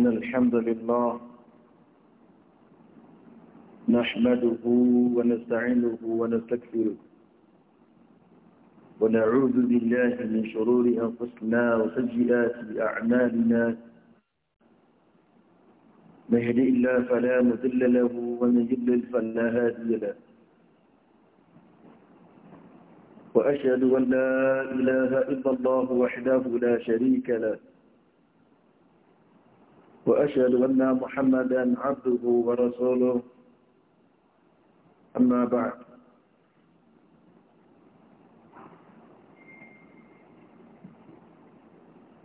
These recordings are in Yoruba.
إن الحمد لله نحمده ونستعينه ونستكفره ونعوذ بالله من شرور أنفسنا وسجلات أعمالنا من يهدئ الله فلا مذل له ومن يضلل فلا هادي له وأشهد أن لا إله إلا الله وحده لا شريك له وأشهد أن محمدا عبده ورسوله أما بعد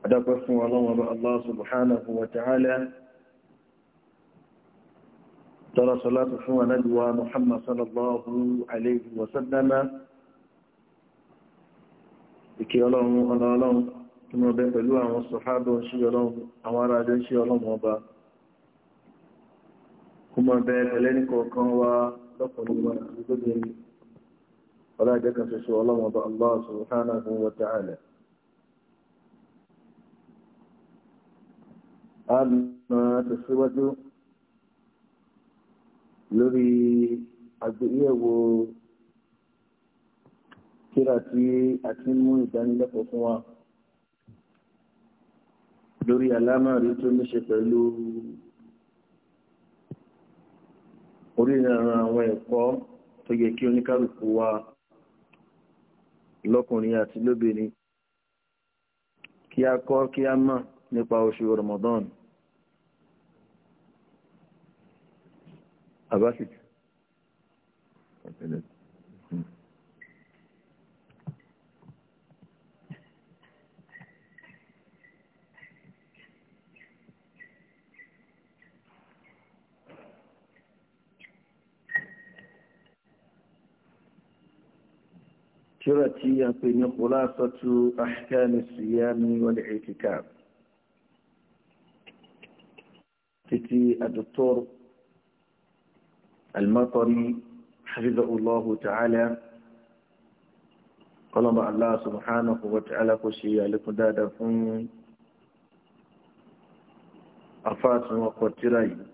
أدب اسمه الله الله سبحانه وتعالى ترى صلاة حوى ندوى محمد صلى الله عليه وسلم إكي الله الله tí wọ́n bẹ pẹ̀lú àwọn sọ̀hábọ̀ ṣí ọlọ́run àwọn ará jẹ́ ṣí ọlọ́run ọba kó mọ́ bẹ pẹ̀lẹ́ ní kọ̀ọ̀kan wá lọ́pọ̀lọpọ̀ wọn àti gbogbo ẹni ọlájẹ́ kan ṣoṣo ọlọ́run ọba Allah subhanahu wa ta'ala a máa tẹ̀síwájú lórí kíra tí a ti mú ìdánilẹ́kọ̀ọ́ fún wa lórí alámàrí tó ní ṣe pẹ̀lú oríran àwọn ẹ̀kọ́ tó yẹ kí oníkálùkù wa lọ́kùnrin àti lóbìnrin kí a kọ́ kí a mọ̀ nípa oṣù Ramadan abáṣìtì tíra tí a pè ní khulasatu ahkami siyami wal i'tikaf títí ad-Dr. al-Matari hafizahullahu ta'ala kọlọ́mọ Allah subhanahu wa ta'ala kò ṣe àlékún dáadáa fún afáàtún ọkọ̀ tíra yìí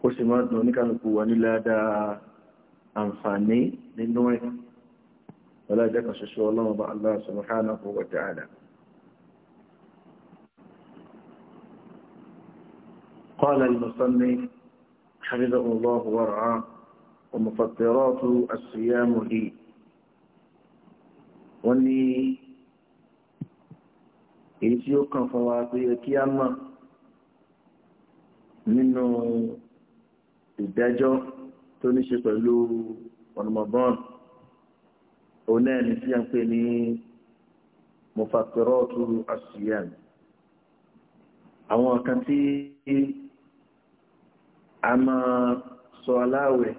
kó sì máa dùn oníkàlùkù wà ní àǹfààní nínú ẹ̀ ọlọ́jẹ́ kan ṣoṣo ọlọ́run bá Allah subhanahu wa ta'ala قال المصنف حفظه الله ورعاه ومفطرات الصيام هي wọ́n ní èyí tí ó kàn fún wa pé kí a mọ̀ nínú ìdájọ́ tó ní ṣe pẹ̀lú ọ̀nàmọ̀bọ́n òun náà ní tí a ń pè ní mufatiratu asiyam àwọn kan tí a máa sọ aláwẹ̀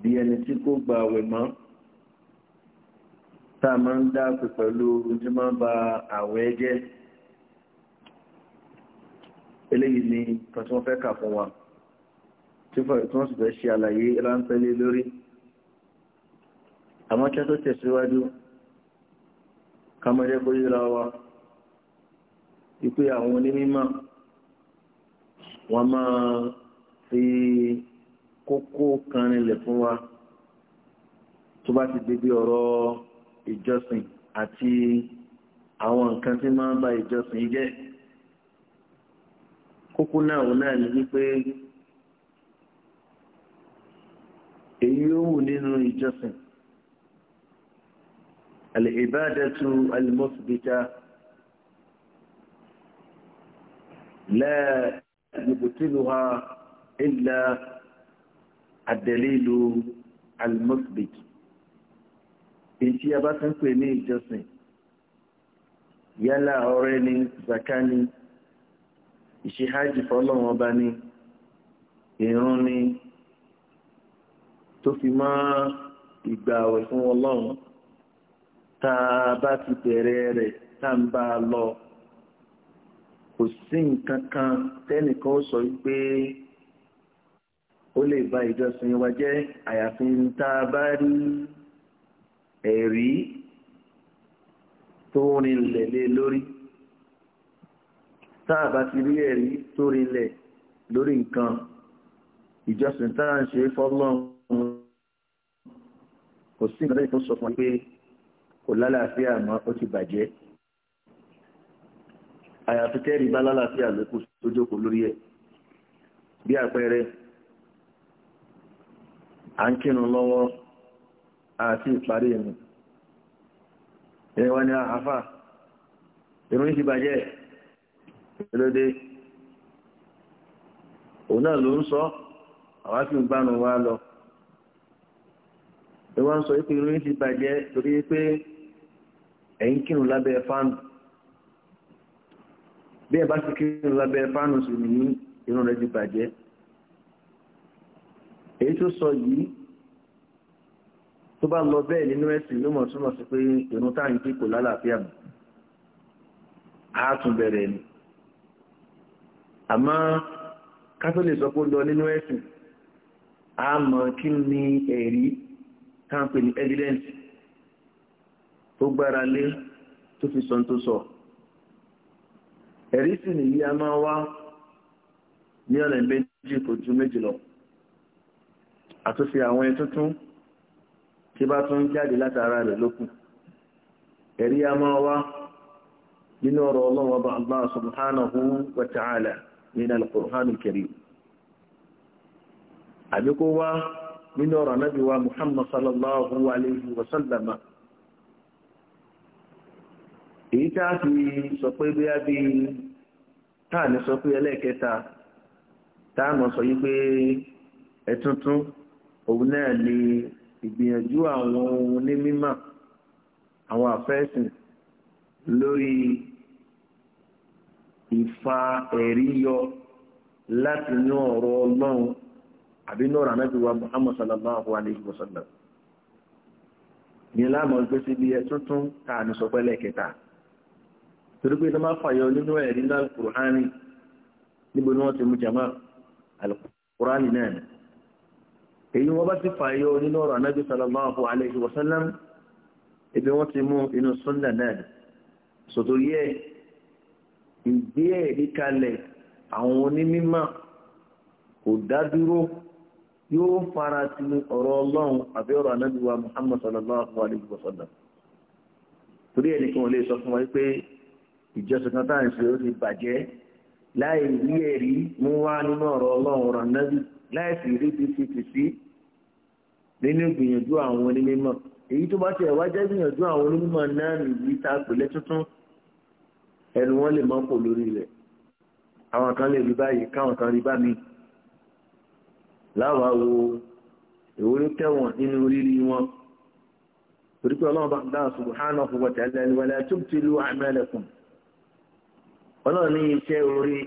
bí ẹni tí kò gba àwẹ̀ mọ́ tá a máa ń dáàpẹ̀ pẹ̀lú tí máa ń ba àwẹ̀ jẹ́ eléyìí ni kan tí wọ́n fẹ́ kà fún wa tí wọ́n sì fẹ́ ṣe àlàyé ránpẹ́ lé lórí àmọ́ kí a tó tẹ̀síwájú ká mọ́ jẹ́ kó yíra wa ìpé àwọn onímọ̀ wọ́n máa fi kókó kan rinlẹ̀ fún wa tó bá ti débi ọ̀rọ̀ ìjọsìn àti àwọn nǹkan tí máa ń ba ìjọsìn jẹ́ kókó náà òun náà ní wípé èyí ó wù nínú ìjọsìn alìbádẹ́tù alìmọ́sibítà lẹ́yìnbùtìlùwà ilẹ̀ àdẹ̀lẹ́lù alìmọ́sibít èyí tí a bá ti ń pè ní ìjọsìn yálà ọrẹ ni zaka ni ìṣe bá ní ìrun ni tó fi mọ́ ìgbà àwẹ̀ fún ọlọ́run tá a bá ti bẹ̀rẹ̀ rẹ̀ tá a ń bá a lọ kò sí nǹkan kan tẹ́nìkan ó sọ pé ó lè ba ìjọsìn wa jẹ́ àyàfi tá a bá rí ẹ̀rí tó rinlẹ̀ lé lórí tá a bá ti rí ẹ̀rí tó rinlẹ̀ lórí nǹkan ìjọsìn tá à ń ṣe fọ́lọ́run kò sí ìgbàlódé tó sọ kò lálàáfíà mọ́ ó ti bàjẹ́ àyàfi kẹ́rì bá lálàáfíà lókù tó jókòó lórí ẹ̀ bí àpẹẹrẹ à ń kírun lọ́wọ́ àti ni àáfà ti bàjẹ́ ìlódé òun náà ló ń sọ àwa fi ń lọ. ẹ wá ń sọ pé irun yín ti bàjẹ́ torí pé ẹ̀yin kírun lábẹ́ fáànù bí ẹ bá ti kírun lábẹ́ fáànù sì ní irun rẹ ti bàjẹ́ èyí tó sọ yìí tó bá lọ bẹ́ẹ̀ nínú ẹ̀sìn ló mọ̀ túmọ̀ sí pé irun táyìn tí kò lálàáfíà mọ́ á tún bẹ̀rẹ̀ ni àmọ́ kátólì sọ pé ó lọ nínú ẹ̀sìn á mọ kí ni ẹ̀rí. táwọn ní evidence tó gbára lé tó fi sọ tó sọ ẹ̀rí sì nìyí a máa wá ní ọ̀nà méjì kò ju méjì lọ àtúnṣe àwọn ẹni tuntun tí bá tún jáde látara rẹ̀ lókun ẹ̀rí a máa wá nínú ọ̀rọ̀ ọlọ́run ọba Allah subhanahu wa ta'ala nínú al-Qur'an àbíkó wá nínú ọ̀rọ̀ anábì wa muhammad sallallahu alayhi wa sallam èyí tá a fi sọ pé bí a bí tá a ní sọ pé ẹlẹ́ẹ̀kẹta tá a mọ̀ sọ yí pé ẹ̀tuntun òun náà ni ìgbìyànjú àwọn ohun ní mímọ̀ àwọn àfẹ́sìn lórí ìfa ẹ̀rí yọ látinú ọ̀rọ̀ ọlọ́run àbí náà rà náà wa muhammad sallallahu alayhi wa sallam ní láàmú ọgbẹ́ síbi ẹ tuntun tá a ní sọ pẹ́lẹ́ kẹta torí pé sọ́mà fàyọ nínú ẹ̀rí náà kùránì níbo ni wọ́n ti mú jama alukùránì náà ni èyí wọ́n bá ti fàyọ nínú ọ̀rọ̀ anábì sallallahu alayhi wa sallam ebi wọ́n ti mú inú sunna náà ni sòtò yẹ ìgbé ẹ̀rí àwọn onímọ̀ kò dá dúró yóò fara ti ọ̀rọ̀ ọlọ́run àbí ọ̀rọ̀ anábíwa muhammad sallallahu alayhi wa sallam torí ẹni kí wọ́n lè sọ fún wa pé ìjọsìn kan táà ń ṣe ó ti bàjẹ́ láì rí ẹ̀rí mú wá nínú ọ̀rọ̀ ọlọ́run ọ̀rọ̀ anábí láì sì rí ti fi tì sí nínú ìgbìyànjú àwọn onímọ̀ èyí tó bá ti ẹ̀wá jẹ́ gbìyànjú àwọn onímọ̀ náà nìyí tá a pè lẹ́túntún ẹnu wọn lè mọ́ pò lórí rẹ̀ àwọn kan lè rí báyìí káwọn kan rí bá mi láwa wo èwo ló nínú rírí wọn torí pé ọlọ́run bá ń dáhùn subhanahu wa ta'ala wa la tubtilu a'malakum ọlọ́run ní iṣẹ́ orí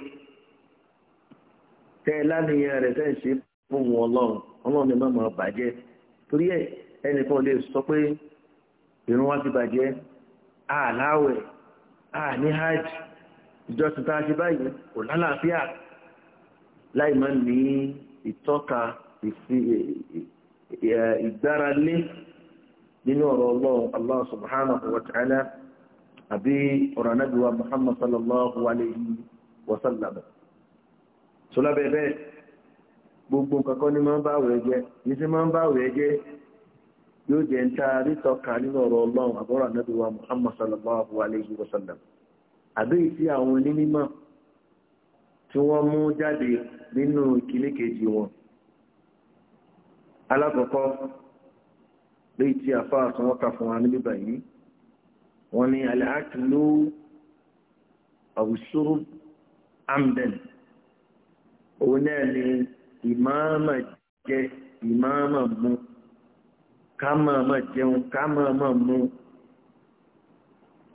tẹ́ lánìyàn rẹ̀ fẹ́ ṣe fún wọn ọlọ́run ọlọ́run ní mọ̀mọ́ bàjẹ́ torí ẹ̀ lè sọ pé ti bàjẹ́ àláwẹ̀ ṣe báyìí kò lálàáfíà láì má ní ìtọ́ka ìgbáralé nínú ọ̀rọ̀ ọlọ́run allah subhanahu wa ta'ala àbí ọ̀rọ̀ anábìwá muhammad sallallahu alayhi wa sallam. sọlá bẹ́ẹ̀ bẹ́ẹ̀ gbogbo nǹkan kan ní máa ń bá àwẹ̀ jẹ́ ní sí máa ń bá àwẹ̀ jẹ́ yóò jẹ́ ń ta rítọ́ka nínú ọ̀rọ̀ ọlọ́run àbọ̀rọ̀ anábìwá muhammad sallallahu alayhi wa sallam. àbí ìsí àwọn onímọ̀ tí wọ́n mú jáde nínú ìkíní kejì wọn alákọ̀ọ́kọ́ léyìí tí àfa àsanwọ́ka fún wa níbí báyìí wọ́n ní aláàkìlú àwùsùrù amden òun náà ni ìmáàmà jẹ ìmáàmà mu ká máa jẹun ká máa máa mu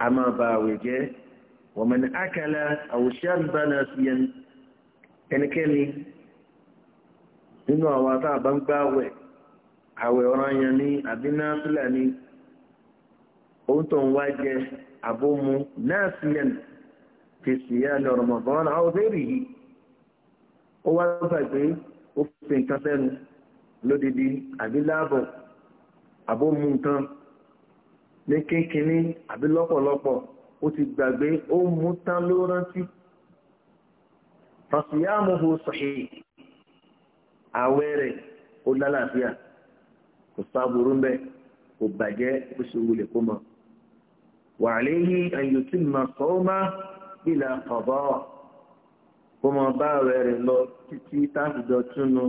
a wọ́n mọ̀ ní àwùsùrù amden ẹnikẹ́ni nínú àwọn àtàbà ń gbá àwẹ̀ àwẹ̀ ọ̀ranyàn ní àbínáfílà ní ohun tó ń wá jẹ àbómu náà sí ẹnu fi sì yá ní ọ̀rọ̀ mọ̀gbọ́n náà ó bèèrè yìí ó wá gbàgbé ó fi nǹkan sẹ́nu lódìdí àbí láàbọ̀ àbómu nǹkan ní kínkínní àbí lọ́pọ̀lọpọ̀ ó ti gbàgbé ó mú tán ló rántí fàṣíyàmùhù sahih àwẹ̀ rẹ̀ ó lálàáfíà kò sáburú mbẹ kò bàjẹ́ kó ṣe wulẹ̀ kó mọ. wa alayhi an yutimma sawma bila qada kó mọ bá àwẹ̀ rẹ̀ lọ títí táàbùjọ túnú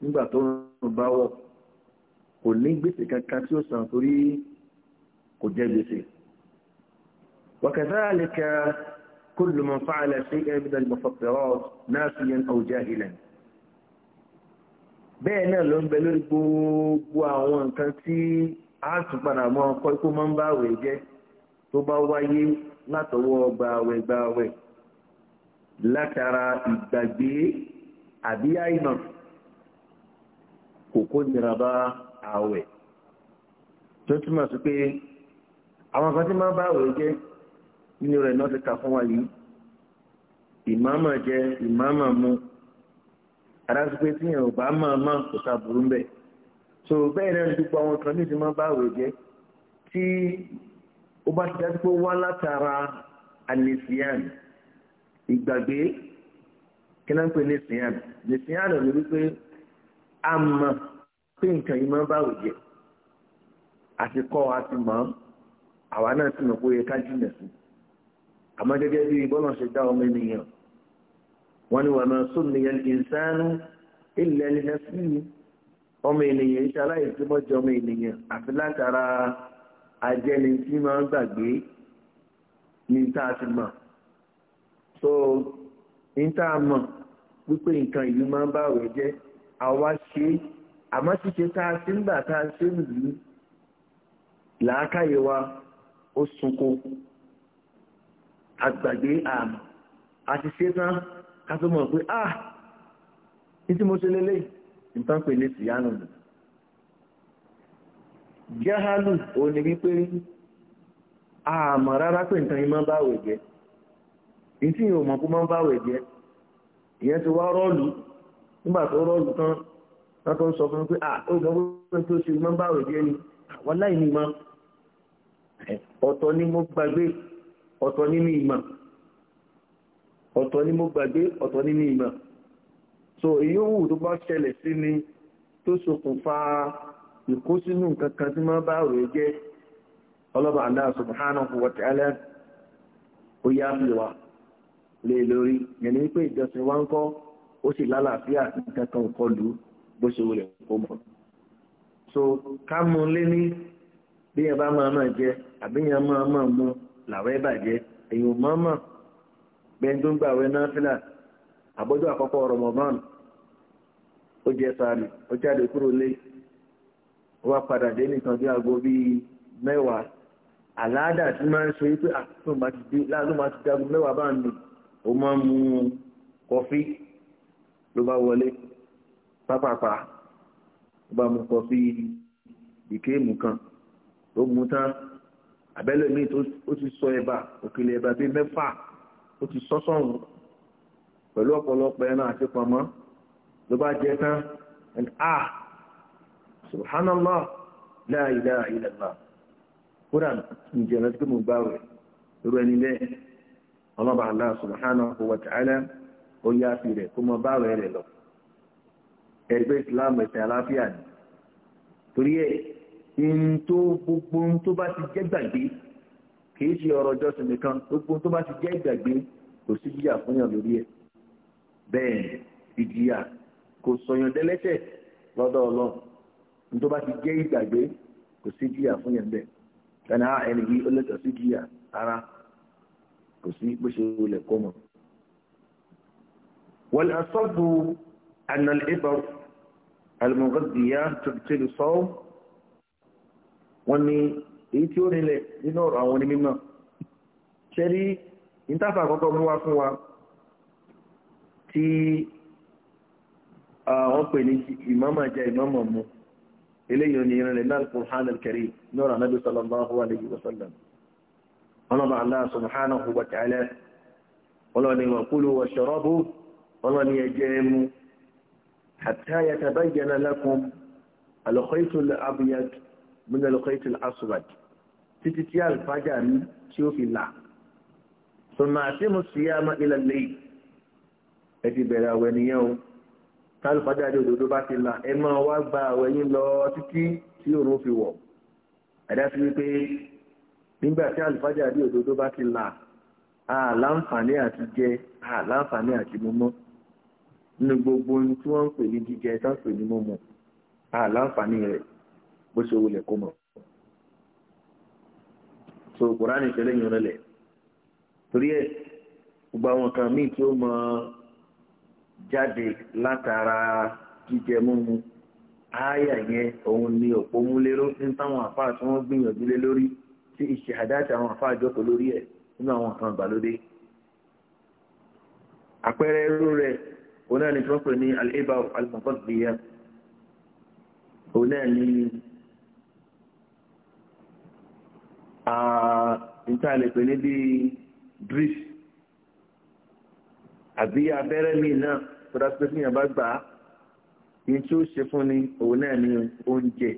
nígbà tó ń bá wọ̀ kò ní gbèsè kankan tí ó san torí kò jẹ́ gbèsè. wa kadhalika. كل من فعل شيئا من المفطرات ناسيا أو جاهلا bẹ́ẹ̀ náà ló ń bẹ lórí gbogbo àwọn nǹkan tí a tún padà mọ ọkọ ikú máa ń bá àwẹ̀ jẹ́ tó bá wáyé látọwọ́ gbààwẹ̀ gbààwẹ̀ látara ìgbàgbé àbí àìmọ̀ kò kó nira bá àwẹ̀ tó túmọ̀ sí pé àwọn kan tí máa ń bá àwẹ̀ jẹ́ nínú rẹ̀ náà ti kà fún wa yìí ìmáàmà jẹ ìmáàmà mu aráàlúgbé tí yẹn ò bá máa máa kò sá burú ń so bẹ́ẹ̀ náà dúpọ̀ àwọn kan níbi máa bá àwẹ̀ jẹ́ tí ó bá ti dájú pé wá látara anisian ìgbàgbé kí náà ń pè nisian nisian ni wípé a mọ̀ pé nǹkan yìí máa bá àwẹ̀ jẹ́ àti kọ́ àti mọ̀ àwa náà ti mọ̀ pé ó yẹ ká jìnà sí i àmọ́ gẹ́gẹ́ bí bọ́lá ṣe dá ọmọ ènìyàn wọ́n ní wàá máa sún ní ìsánú ilẹ̀ ilẹ̀ sí ọmọ ènìyàn iṣẹ́ aláìsímọ́jọ ọmọ ènìyàn àfi látara ajẹ́ni tí máa ń gbàgbé ní tá a ti mọ̀ so ní tá a mọ̀ wípé nǹkan ìlú máa ń bá ọ̀rọ̀ jẹ́ àwa ṣe àmọ́ ṣíṣe tá a ṣe ń gbà tá a ṣe ń lù ú làákàyè wa ó sunkún àgbàgbé àmà àti ṣetán ká tó mọ̀ pé ah ní tí mo ṣe lélẹ̀ nǹkan pè lè tìyánu nù. jahalu ò ní wípé àmọ̀ rárá pé nǹkan yìí máa ń bá àwẹ̀ jẹ́ ní yìí ti wá rọ́ọ̀lù nígbà tó rọ́ọ̀lù tán wọ́n ń sọ fún mi pé ah ó gbọ́ pé tó ni àwọn láì ní ọ̀tọ̀ ni mo gbàgbé ọ̀tọ̀ nínú ìmọ̀ ọ̀tọ̀ ni mo gbàgbé ọ̀tọ̀ nínú ìmọ̀ so ìyówù tó bá ṣẹlẹ̀ sí ni tó ṣokùnfà ìkó sínú nǹkan kan tí máa bá rẹ̀ jẹ́ ọlọ́ba Allah subhanahu wa fi wa kọ bí bá máa máa jẹ máa làwẹ̀ bàjẹ́ èyàn mọ́mọ́ bẹ́ẹ̀ tó ń gbà wẹ́ náfìlà àbọ́jọ́ àkọ́kọ́ Ramadan ó jẹ sààrì ó jáde kúrò lé ó wá padà dé nìkan bí aago bíi mẹ́wàá àláàdà tí máa ń ṣe pé àtúntò máa ti dé láàánú máa ti dágun mẹ́wàá bá ń lò ó máa ń mu kọfí ló bá wọlé pápápá ó bá mu kọfí ìkéèmù kan ó mu tán àbẹ́lẹ̀ míì ó ti sọ ẹ̀bà òkèlè ẹ̀bà bíi mẹ́fà ó ti sọ sọ̀rùn pẹ̀lú ọ̀pọ̀lọpọ̀ ẹran àti pamọ́ ló bá jẹ tán ẹni a ah, subhanallah la ilaha illallah kódà ǹjẹ́ lọ́sí pé mo gbá rẹ̀ irú ẹni bẹ́ẹ̀ ọlọ́ba Allah subhanahu wa ta'ala ó yá sí rẹ̀ kó mọ bá rẹ̀ lọ ẹgbẹ́ ìsìlámù ẹ̀sìn aláfíà ni torí ẹ̀ ìrìn tó gbogbo tó bá ti jẹ́ gbàgbé kìí ṣe ọ̀rọ̀ ọjọ́sìn nìkan gbogbo tó bá ti jẹ́ gbàgbé kò sí jíyà fún yàn lórí ẹ̀ bẹ́ẹ̀ ìjìyà kò sọyàn dẹ́lẹ́ṣẹ̀ lọ́dọ̀ ọlọ́run ní tó bá ti jẹ́ ìgbàgbé kò sí jíyà fún bẹ́ẹ̀ tẹ́lẹ̀ ẹni yìí ó lẹ́tọ̀ọ́ sí jíyà ara kò sí bó ṣe wọlé kọ́ mọ́. wọ́n asọ́dù ànàlẹ́bọ̀ àlùmọ̀gọ́dìyà tó wọ́n ní èyí tí ó rinlẹ̀ nínú ọ̀rọ̀ àwọn onímọ̀ ṣẹ́rí ìtàfà àkọ́kọ́ mú wá fún wa tí wọ́n pè ní ìmọ̀mọ̀ jẹ́ ìmọ̀mọ̀ mu eléyìí ni ìrìnlẹ̀ náà al-Qur'an al-Karim ní ọ̀rọ̀ anábì sallallahu alayhi wa sallam ọlọ́ba Allah minalokoitil aswad títí tí alifájà mi tí ó fi là sọmọ àti mùsùlùmí ilẹ̀ lẹ́yìn ẹ ti bẹ̀rẹ̀ àwẹ̀ nìyẹn o tí alifájà di òdodo bá ti là ẹ máa wá gba àwẹ̀ yín lọ títí tí òun fi wọ̀ àdáfi wípé nígbà tí alifájà di òdodo bá ti là àlàǹfààní àti jẹ àlàǹfààní àti mímọ́ nínú gbogbo ohun tí wọ́n ń pè ní jíjẹ tán pè ní mímọ́ àlàǹfààní rẹ̀ bó ṣe wulẹ̀ kó mọ̀ so kùránì ìṣẹ̀lẹ̀ yìí rẹlẹ̀ torí ẹ̀ gbogbo àwọn kan míì tí ó mọ jáde látara jíjẹ múmu ááyà yẹn òun ni òpó múléró ní táwọn àfáà tí wọ́n gbìyànjú lé lórí tí ìṣẹ̀ àdáàtì àwọn àfáà jókòó lórí ẹ̀ nínú àwọn kan ìgbàlódé àpẹẹrẹ irú rẹ̀ òun náà ni tí wọ́n pè ní al-ibar al-muqaddiya òun náà ni níta lè pè ní bí drip àbí abẹ́rẹ́ mi náà tó dá sí pé fúnyàn bá gbà á ní tí ó ṣe fún ni òun náà ní oúnjẹ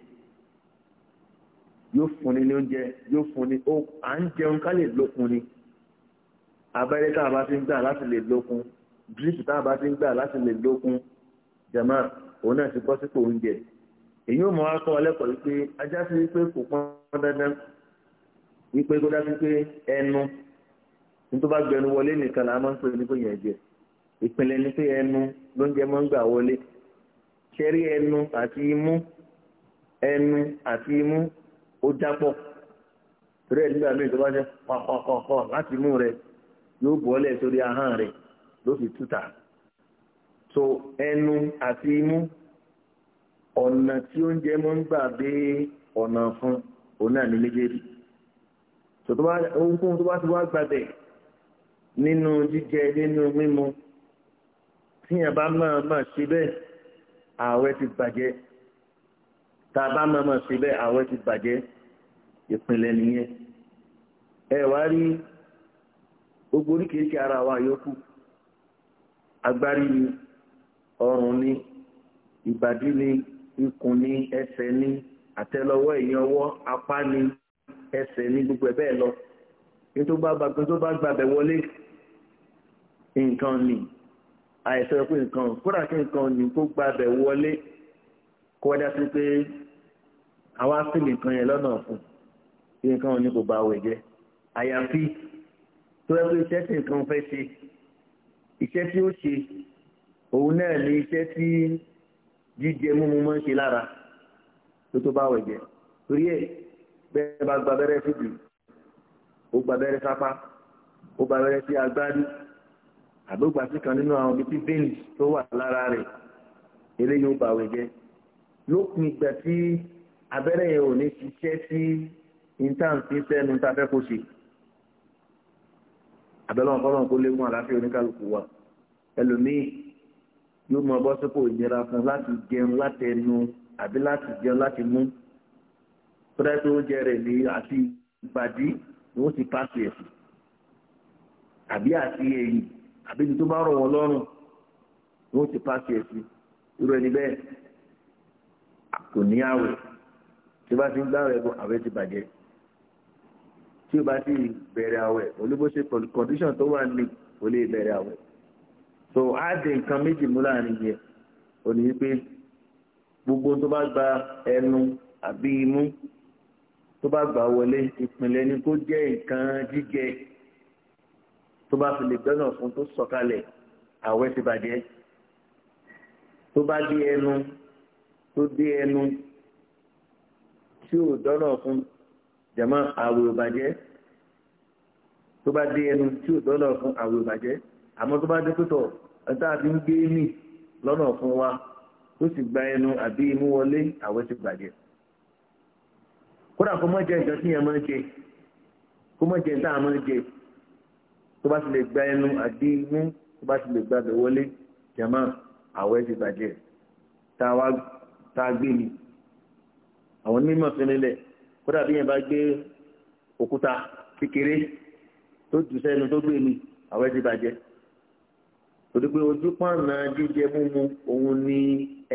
yóò fún ni ní oúnjẹ yóò fún ni ó à ń jẹun ká lè lókun ni abẹ́rẹ́ tá a bá ti ń gbà láti lè lókun drip tá a bá ti ń gbà láti lè lókun jama òun náà ti bọ́ sípò oúnjẹ èyí ò mọ akọ ọlẹ́kọ̀ọ́ wípé ajá sí wípé kò pọn dandan wípé kó dájú pé ẹnu nítorí bá gbẹnu wọlé nìkan là máa ń pè ní yẹn jẹ ìpìlẹ̀ ni pé ẹnu lóúnjẹ máa ń gbà wọlé ṣẹ́rí ẹnu àti imú ẹnu àti imú ó jápọ̀ torí ẹ̀ nígbà míì tó bá jẹ́ pàpàpàpà láti imú rẹ yóò bọ́lẹ̀ sórí ahọ́n rẹ ló fi túta so ẹnu àti imú ọ̀nà tí oúnjẹ máa ń gbà dé ọ̀nà fún òun náà ní méjèèjì ohunkóhun tó bá ti wá gbàdẹ̀ nínú jíjẹ nínú mímu tíyàn bá máa máa ṣe bẹ́ẹ̀ ààwẹ̀ ti bàjẹ́ tá a bá máa máa ṣe bẹ́ẹ̀ ààwẹ̀ ti bàjẹ́ ìpìlẹ̀ nìyẹn ẹ wá rí gbogbo oríkèéríkè ara wa yòókù agbárí ni ọrùn ni ìbàdí ni ikùn ni ẹsẹ̀ ni àtẹ́lẹwọ́ ẹ̀yìn ọwọ́ apá ni ẹsẹ̀ ní gbogbo ẹ̀ bẹ́ẹ̀ lọ ní tó bá gbàgbé tó bá gbàgbé wọlé nǹkan ni àìsàn pé nǹkan kódà kí nǹkan ni kó gbàgbé wọlé kó wájá sí pé àwa sì nǹkan yẹn lọ́nà fún nǹkan ni kò bá wẹ̀ jẹ́ àyàfi tó yẹ iṣẹ́ tí nǹkan fẹ́ ṣe iṣẹ́ tí ó ṣe òun náà ni iṣẹ́ tí jíjẹ múmu máa ń ṣe lára tó tó bá wẹ̀ jẹ́ torí ẹ̀ bẹ́ẹ̀ bá gba abẹ́rẹ́ síbi ó gba abẹ́rẹ́ sápá ó gba abẹ́rẹ́ sí agbárí àbí ó gba sí kan nínú àwọn ibi tí veins tó wà lára rẹ̀ eléyìí ó bàwẹ̀ jẹ́ lópin ìgbà tí abẹ́rẹ́ yẹn ò ní ṣiṣẹ́ sí intan tí sẹ́nu tá a fẹ́ kó ṣe abẹ́lọ́wọ́n kọ́lọ́n kó lékún àlàáfíà oníkálukú wa ẹlòmíì yóò mọ bọ́sípò ìnira fún láti jẹun láti ẹnu àbí láti jẹun láti mú kódà pé oúnjẹ rẹ̀ ní àti ìbàdí ni wọ́n ti pàṣẹ ẹ̀sìn àbí àti èyí àbí ibi tó bá rọ̀ wọ́n lọ́rùn ni wọ́n ti pàṣẹ ẹ̀sìn irú ẹni bẹ́ẹ̀ kò ní àwẹ̀ tí bá ti ń gbá rẹ̀ bọ̀ àwẹ̀ ti bàjẹ́ tí o bá ti bẹ̀rẹ̀ àwẹ̀ olúbóṣe condition tó wà ní o lè bẹ̀rẹ̀ àwẹ̀ so á dé nǹkan méjì mú láàrin yẹn ò ní pé gbogbo tó bá gba ẹnu àbí imú tó bá gbà wọlé ìpìlẹ̀ ni kó jẹ́ nǹkan jíjẹ tó bá fi lè gbẹ́nà fún tó sọ̀kalẹ̀ àwẹ̀ ti bàjẹ́ tó bá dé ẹnu tó dé ẹnu tí ò dọ́nà fún jẹ̀mọ́ àwẹ̀ ò bàjẹ́ tó bá dé ẹnu tí ò dọ́nà fún àwẹ̀ ò bàjẹ́ àmọ́ tó bá dé pẹ́tọ̀ ẹ̀ta àti ń gbé mì lọ́nà fún wa tó sì gba ẹnu àbí imú wọlé àwẹ̀ ti bàjẹ́ kódà kó mọ́ jẹ nǹkan tí yẹn máa ń jẹ kó mọ́ jẹ nǹkan àmọ́ jẹ tó bá ti lè gba ẹnu àti inú tó bá ti lè gba bẹ̀ wọlé jẹ̀mọ́ àwẹ̀ ti bàjẹ́ tá a gbé ni àwọn onímọ̀ fi nílẹ̀ kódà bí yẹn bá gbé òkúta kékeré tó jù sẹ́nu tó gbé ni àwẹ̀ ti bàjẹ́ torí ojú pààna jíjẹ múmu òun ni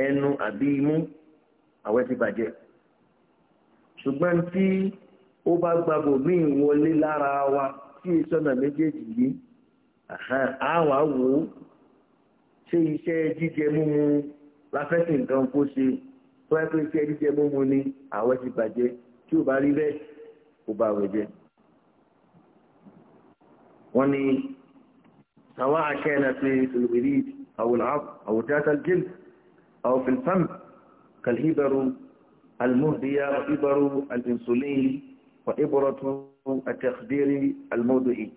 ẹnu àbí imú àwẹ̀ ti bàjẹ́ ṣùgbọ́n tí ó bá gbàgbọ́ míì wọlé lára wa tí ìṣọ́nà méjèèjì yìí àwọn àwò ṣé iṣẹ́ jíjẹ múmu láfẹ́sìn nǹkan kó ṣe tó ẹ pé iṣẹ́ jíjẹ múmu ni àwẹ̀ ti bàjẹ́ tí ò bá rí bẹ́ẹ̀ kò bá wẹ̀ jẹ́. wọ́n ní sàwọn akẹ́nà fi ìlúwìrì àwòrán àwòjáta jìn àwòfin fam kàlíbẹ̀rù المهدية وإبر الإنسولين وإبرة التخدير الموضعي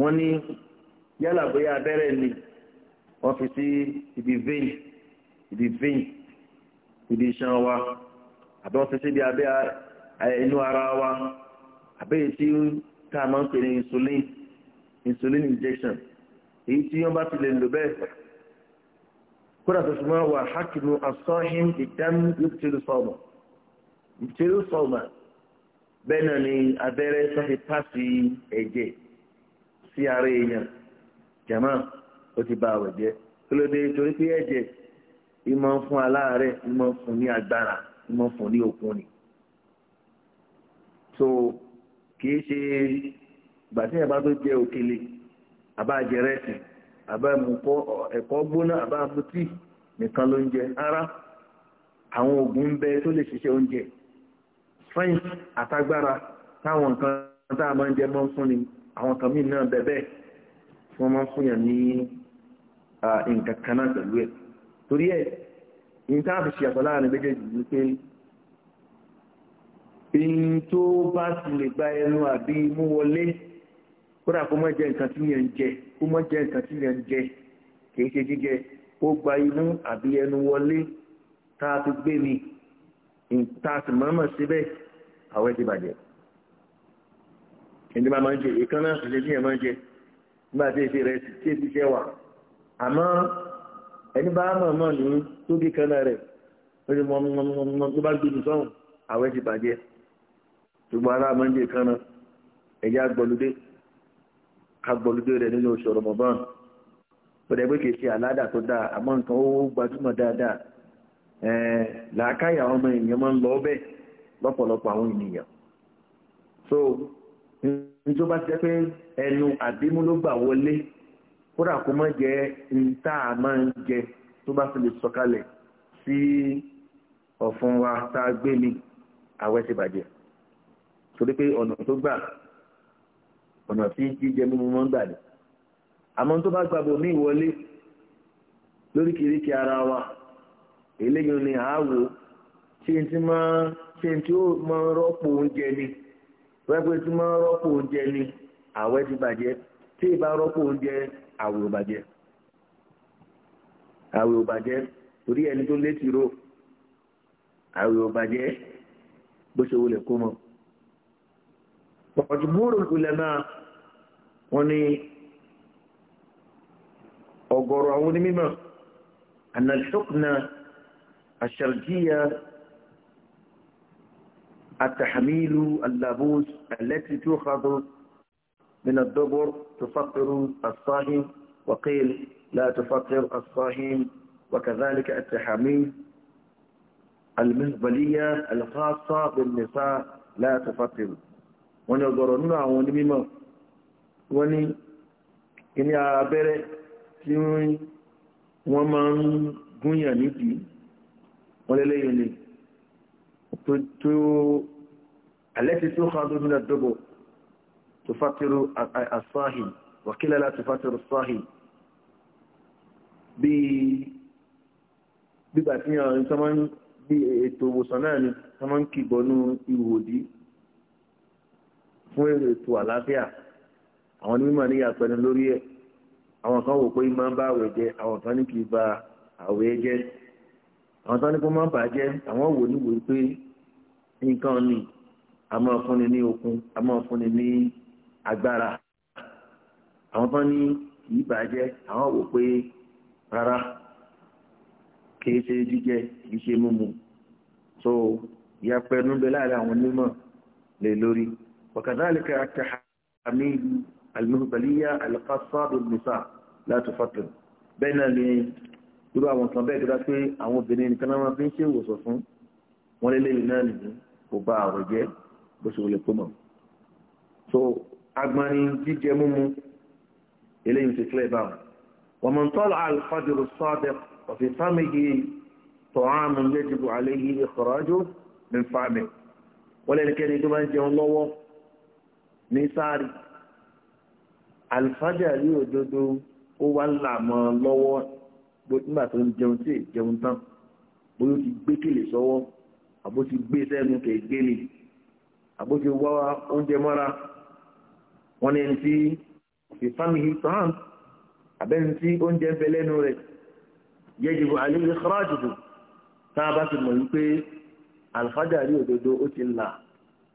wọ́n ní yálà bóyá abẹ́rẹ́ ni wọ́n fi sí ibi vein ibi vein ibi iṣan wa àbí wọ́n fi sí ibi abẹ́ inú ara wa àbẹ́yẹ tí tá a máa ń pè ní insulin insulin injection èyí tí wọ́n bá ti lè lò bẹ́ẹ̀ kódà tó sùn máa wà hákìmù asọ́hìn ìdám yókùtìrì sọ̀mà yókùtìrì sọ̀mà bẹ́ẹ̀ náà ni abere sọ́hìn pàṣẹ ẹ̀jẹ̀ sí ara èèyàn jama ó ti bá àwẹ̀ jẹ́ kí ló dé torí pé ẹ̀jẹ̀ ìmọ̀ fún fun ni fún ní fun ni fún so kì í ṣe gbàtí ẹ̀ bá tó jẹ àbámukọ ẹ̀kọ́ gbóná àbámutí nìkan ló ń jẹ ara àwọn oògùn ń bẹ tó lè ṣiṣẹ́ oúnjẹ strength àtagbára táwọn nǹkan tá a máa ń jẹ máa ń fún ni àwọn kan míì náà bẹ́ẹ̀ bẹ́ẹ̀ tí wọ́n máa ń fún yàn ní nǹkan kan náà pẹ̀lú ẹ̀ torí ẹ̀ ní tá a láàrin méjèèjì ni pé èyí tó bá ti lè gba ẹnu àbí imú wọlé kódà kó má jẹ nǹkan tí yẹn ń jẹ kó má jẹ nǹkan tí yẹn ń jẹ kì í ṣe jíjẹ ó gba inú àbí ẹnu wọlé tá a fi gbé mi tá a sì mọ̀ọ́mọ̀ síbẹ̀ àwẹ̀ ti bàjẹ́ ẹni bá máa ń jẹ èékánná ìṣẹ̀lẹ̀ tí yẹn máa ń jẹ nígbà tí èsì rẹ̀ tí èsì ṣẹ́ wà àmọ́ ẹni bá mọ̀ọ́mọ̀ ní tó gé kánná rẹ̀ ó ti mọ̀ọ́mọ̀ tó bá gbé mi sọ́hùn àwẹ̀ ti bàjẹ́ ṣùgbọ́n ara máa ń jẹ èékánná ẹ̀yà gbọ́lódé kagbọ̀lúdé rẹ̀ nínú oṣù Ramadan pẹ̀lẹ́ pé kìí ṣe àládà tó dáa àmọ́ nǹkan ó gbajúmọ̀ dáadáa làákàyà àwọn ọmọ èèyàn máa ń lọ ọbẹ̀ lọ́pọ̀lọpọ̀ àwọn ènìyàn so nítorí bá ti jẹ́ pé ẹnu àdímú ló gbà wọlé kódà kó má jẹ níta máa ń jẹ tó bá fi lè sọ̀kalẹ̀ sí ọ̀fun wa tá a gbé ni àwẹ̀ ti bàjẹ́ torí pé ọ̀nà tó gbà ọ̀nà tí jíjẹ mímu máa ń gbà ní. àmọ́ tó bá gbàgbọ́ mí wọlé ara wa eléyìí ni àáwò ṣé n ti máa n tí ó máa ni wẹ́pẹ́ tí máa rọ́pò oúnjẹ ni ti bàjẹ́ tí ì bá rọ́pò oúnjẹ àwẹ̀ ò bàjẹ́ àwẹ̀ ò bàjẹ́ torí ẹni wọ́n ní ọ̀gọ̀rọ̀ àwọn onímọ̀ ànàlùsọ́kùnà àṣàrjíyà التحميل اللابوس التي تؤخذ من الدبر تفطر الصائم وقيل لا تفطر الصائم وكذلك التحاميل المهبلية الخاصة بالنساء لا تفطر ونظرنا ونممه wọ́n ní kíní abẹ́rẹ́ tí wọ́n máa ń gúnyàn nídìí wọ́n lélẹ́yìn lè tó alẹ́tí tó kàn tó nílẹ̀ dọ́bọ̀ tó fàtírù àsáhì wàkílẹ̀lá tó fàtírù sáhì bí bíbà tí yàn tó máa ń bí ètò ìwòsàn náà ni tó kìbọnú ìwòdí fún ètò àlàáfíà àwọn onímọ̀ ní àpẹẹrẹ lórí ẹ̀ àwọn kan wò pé máa ń bá àwẹ̀ jẹ àwọn kan ní kì í ba àwẹ̀ jẹ àwọn kan ní kó máa ń bàjẹ́ àwọn wò ní wòye pé nǹkan ni a máa fúnni ní okun a máa fúnni ní agbára àwọn kan ní kì í bàjẹ́ àwọn wò pé rárá kì ṣe jíjẹ kì ṣe mímu so ìyapẹ̀nu bẹ láàrin àwọn onímọ̀ lè lórí wàkàtà àlìkà àti àmì ìlú alimọ́sọ̀tàlíyà alikásọ́ọ̀dù nìsà láti fọ́tò bẹ́ẹ̀ náà ni irú àwọn kan bẹ́ẹ̀ gbọ́dá pé àwọn obìnrin nìkan náà máa fi ń ṣe ìwòsàn fún wọn lélẹ́yìn náà nìyí kò bá àwọ̀ jẹ́ bó ṣe wọlé kó mọ̀ so agbani jíjẹ múmu eléyìí ti kílẹ̀ báwọn wọ́n mọ̀ ń tọ́lọ̀ alifájòrò sọ́ọ̀dẹ̀ ọ̀fìn fámìlì tọ́hánù yajibu alayhi ìkọ̀rọ̀jù ní fámìlì wọ́n lẹ́nikẹ́ni tó máa ń jẹun lọ́wọ́ ní sáàrì àlùfájàrí òdodo ó wá ń là mọ́ lọ́wọ́ nígbà tó ń jẹun tí èè jẹun tán bóyá ó ti gbé kèlè sọ́wọ́ àbó ti gbé sẹ́nu kèé gbé ni àbó ti wá oúnjẹ mọ́ra wọ́n ní ẹni tí ìfàmìhì tán àbẹ́ni tí oúnjẹ ń bẹ lẹ́nu rẹ̀ yẹ́jìbò àlejò kọ́rájìbò tá a bá ti mọ̀ wípé àlùfájàrí òdodo ó ti là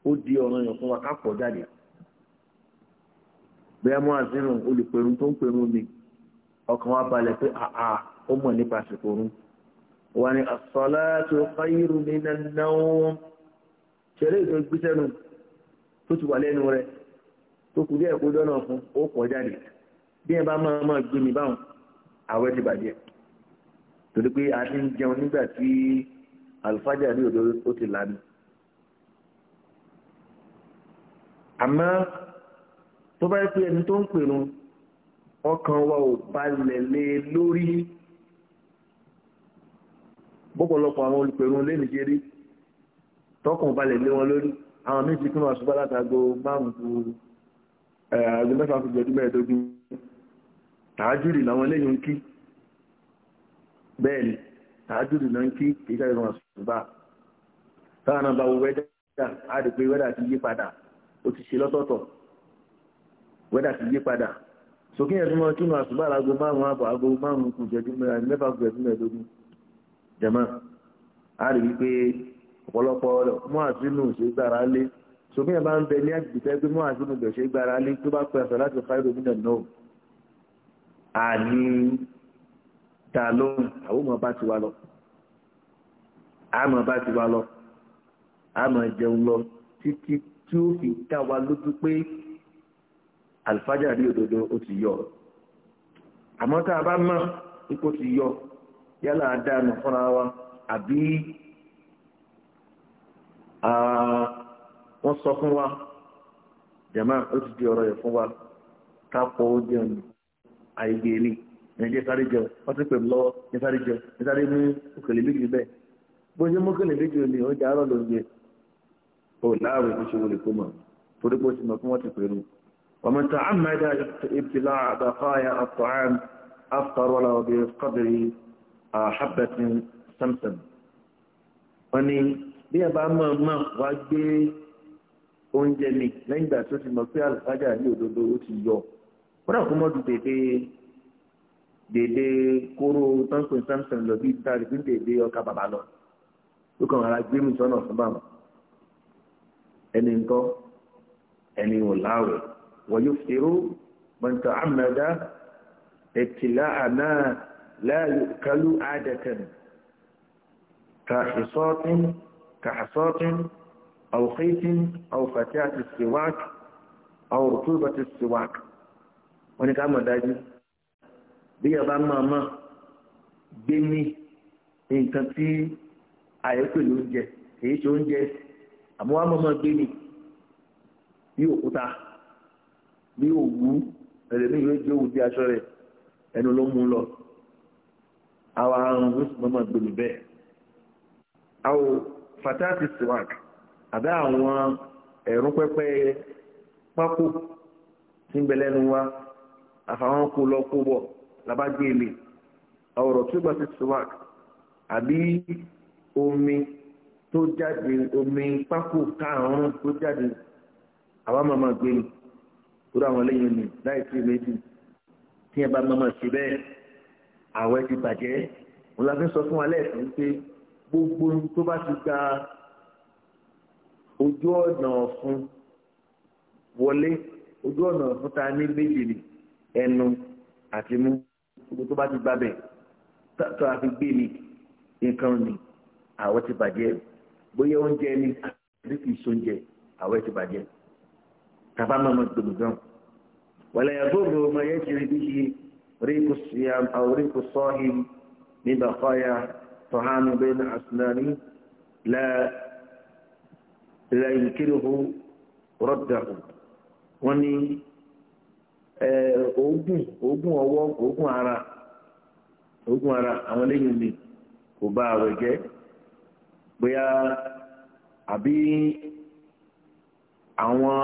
ó di ọ̀ràn yàn fún wa ká pọ̀ jáde bẹ́ẹ̀ mú àzínú olùpẹ̀rù tó ń pẹ̀rù mi ọkàn wa balẹ̀ pé àà ó mọ̀ nípa àsìkò oorun wà ní as-salatu khayrun minan nawm ṣẹlẹ̀ ìtọ́ gbísẹ́nu tó ti wà lẹ́nu rẹ̀ tó kù díẹ̀ kó dọ́nà fún ó pọ̀ jáde bí ẹ bá máa máa gbé mi báwọn àwẹ̀ ti bàjẹ́ torí pé a ti ń jẹun nígbà tí àlùfájà ní òdòdó ó ti lànà àmọ́ tó bá yẹ pé ẹni tó ń pèrun ọkàn wa ò balẹ̀ lé lórí bọ́pọ̀lọpọ̀ àwọn olùpẹ̀rún lé nìjẹ́rí tọkàn balẹ̀ lé wọn lórí àwọn méjì kí wọ́n aṣọ́gbá látàgbò márùn-ún àgbẹ̀ mẹ́fà fi jọdún mẹ́ẹ̀ẹ́dógún tàájúrì làwọn eléyìí ń kí bẹ́ẹ̀ ni tàájúrì náà ń kí kìí sáré wọn àṣùgbà táwọn náà bá wo wẹ́dà á rí pé wẹ́dà ti yí padà ó ti ṣe lọ́tọ̀ọ̀tọ̀ wẹ́dà ti yí padà sókè yẹn fún wọn kí wọn àṣùbà àgọ márùn àbọ̀ àgọ márùn kù jẹjú mẹ́ra mẹ́fà kù jẹjú mẹ́ẹ̀ẹ́dógún jẹmọ a rí i pé ọ̀pọ̀lọpọ̀ mọ àtúnú ṣe gbára lé sókè yẹn bá ń bẹ ní àgbègbè pé mọ àtúnú bẹ ṣe gbára lé tó bá pẹ àṣàlá tó fáìrò mí nàná o àní ta lóhùn àwọn ọmọ bá ti wá lọ àmọ́ bá ti wá lọ àlùfájà rí òdodo ó ti yọ àmọ́ tá a bá mọ̀ ipò ti yọ yálà àdánù fúnra wa àbí wọ́n sọ fún wa jama ó ti di ọ̀rọ̀ yẹn fún wa ká pọ̀ ó jẹun àìgbèrè ẹ̀jẹ̀ sáré jẹun wọ́n ti pè mí lọ́wọ́ ẹ̀ sáré jẹun ẹ̀ sáré mú òkèlè méjì bẹ́ẹ̀ bó ṣe mú òkèlè méjì ni ó jẹ́ àárọ̀ lóúnjẹ o láàrú ìfúnṣe wọlé kó mọ̀ torí pé ó ti mọ̀ fún wọn ti pè é nù. ومن تعمد ابتلاع بقايا الطعام أفطر ولو بقدر حبة سمسم wọ́n ní bí ẹ bá mọ̀ mọ̀ wá gbé oúnjẹ mi lẹ́yìn ìgbà tó ti mọ̀ pé àlùfáàjà ní òdodo ó ti yọ kódà kó mọ́ ju dèdè dèdè kóró tọ́ǹpì samson lọ bí tá a lè fi dèdè ọkà bàbá lọ ó kàn ara gbé mi sọ́nà fún bàbá ẹni ńkọ́ ẹni ò láwẹ̀ẹ́. ويفطر من تعمد ابتلاء ما لا يؤكل عادة كحصاة كحصاة أو خيط أو فتاة السواك أو رطوبة السواك ونكام داجي بيضا ماما بني nǹkan tí àyẹ́pẹ̀ ló ń jẹ èyí tó ń jẹ àmọ́ àmọ́ máa gbé ni bí òkúta bí òwú ẹlẹ́mí yóò jẹ́ òwú bí aṣọ rẹ̀ ẹnu ló mú lọ àwọn arùn ló sì mọ́mọ́ gbèlú bẹ́ẹ̀. àwọn fatati siwak àbẹ́ àwọn ẹ̀rún pẹ́pẹ́ pákó tí ń bẹ lẹ́nu wa àfàwọn kó lọ kó bọ̀ labágbé ilé ọ̀rọ̀ tó gbà sí siwak àbí omi tó jáde omi pákó káàrún tó jáde àwa máa máa gbé torí àwọn eléyìí ni láì sí méjì tí yẹn bá mọ́mọ́ sí bẹ́ẹ̀ àwẹ̀ ti bàjẹ́ òun la fi sọ fún wa lẹ́ẹ̀kan pé gbogbo tó bá ti gba ojú ọ̀nà ọ̀fun wọlé ojú ọ̀nà ọ̀fun ta ní méjì ni ẹnu àti mú gbogbo tó bá ti gba bẹ̀ tó a fi gbé ni nǹkan ni àwẹ̀ ti bàjẹ́ bóyá oúnjẹ ni àti kìí ṣoúnjẹ àwẹ̀ ti bàjẹ́. tàbá máa ma gbòmùgbọ́n wàlẹ̀ yàgòrò ma yẹ kiri bí i ríkù síyàm àwọn ríkù sọ́ọ̀hì ní bàkọ́yà tọ́hánu bẹ́ẹ̀ la yìnkirihu rọ́dàhù wọ́n ní ogun ogun ọwọ́ ogun ara ogun ara àwọn lẹ́yìn mi àwọn.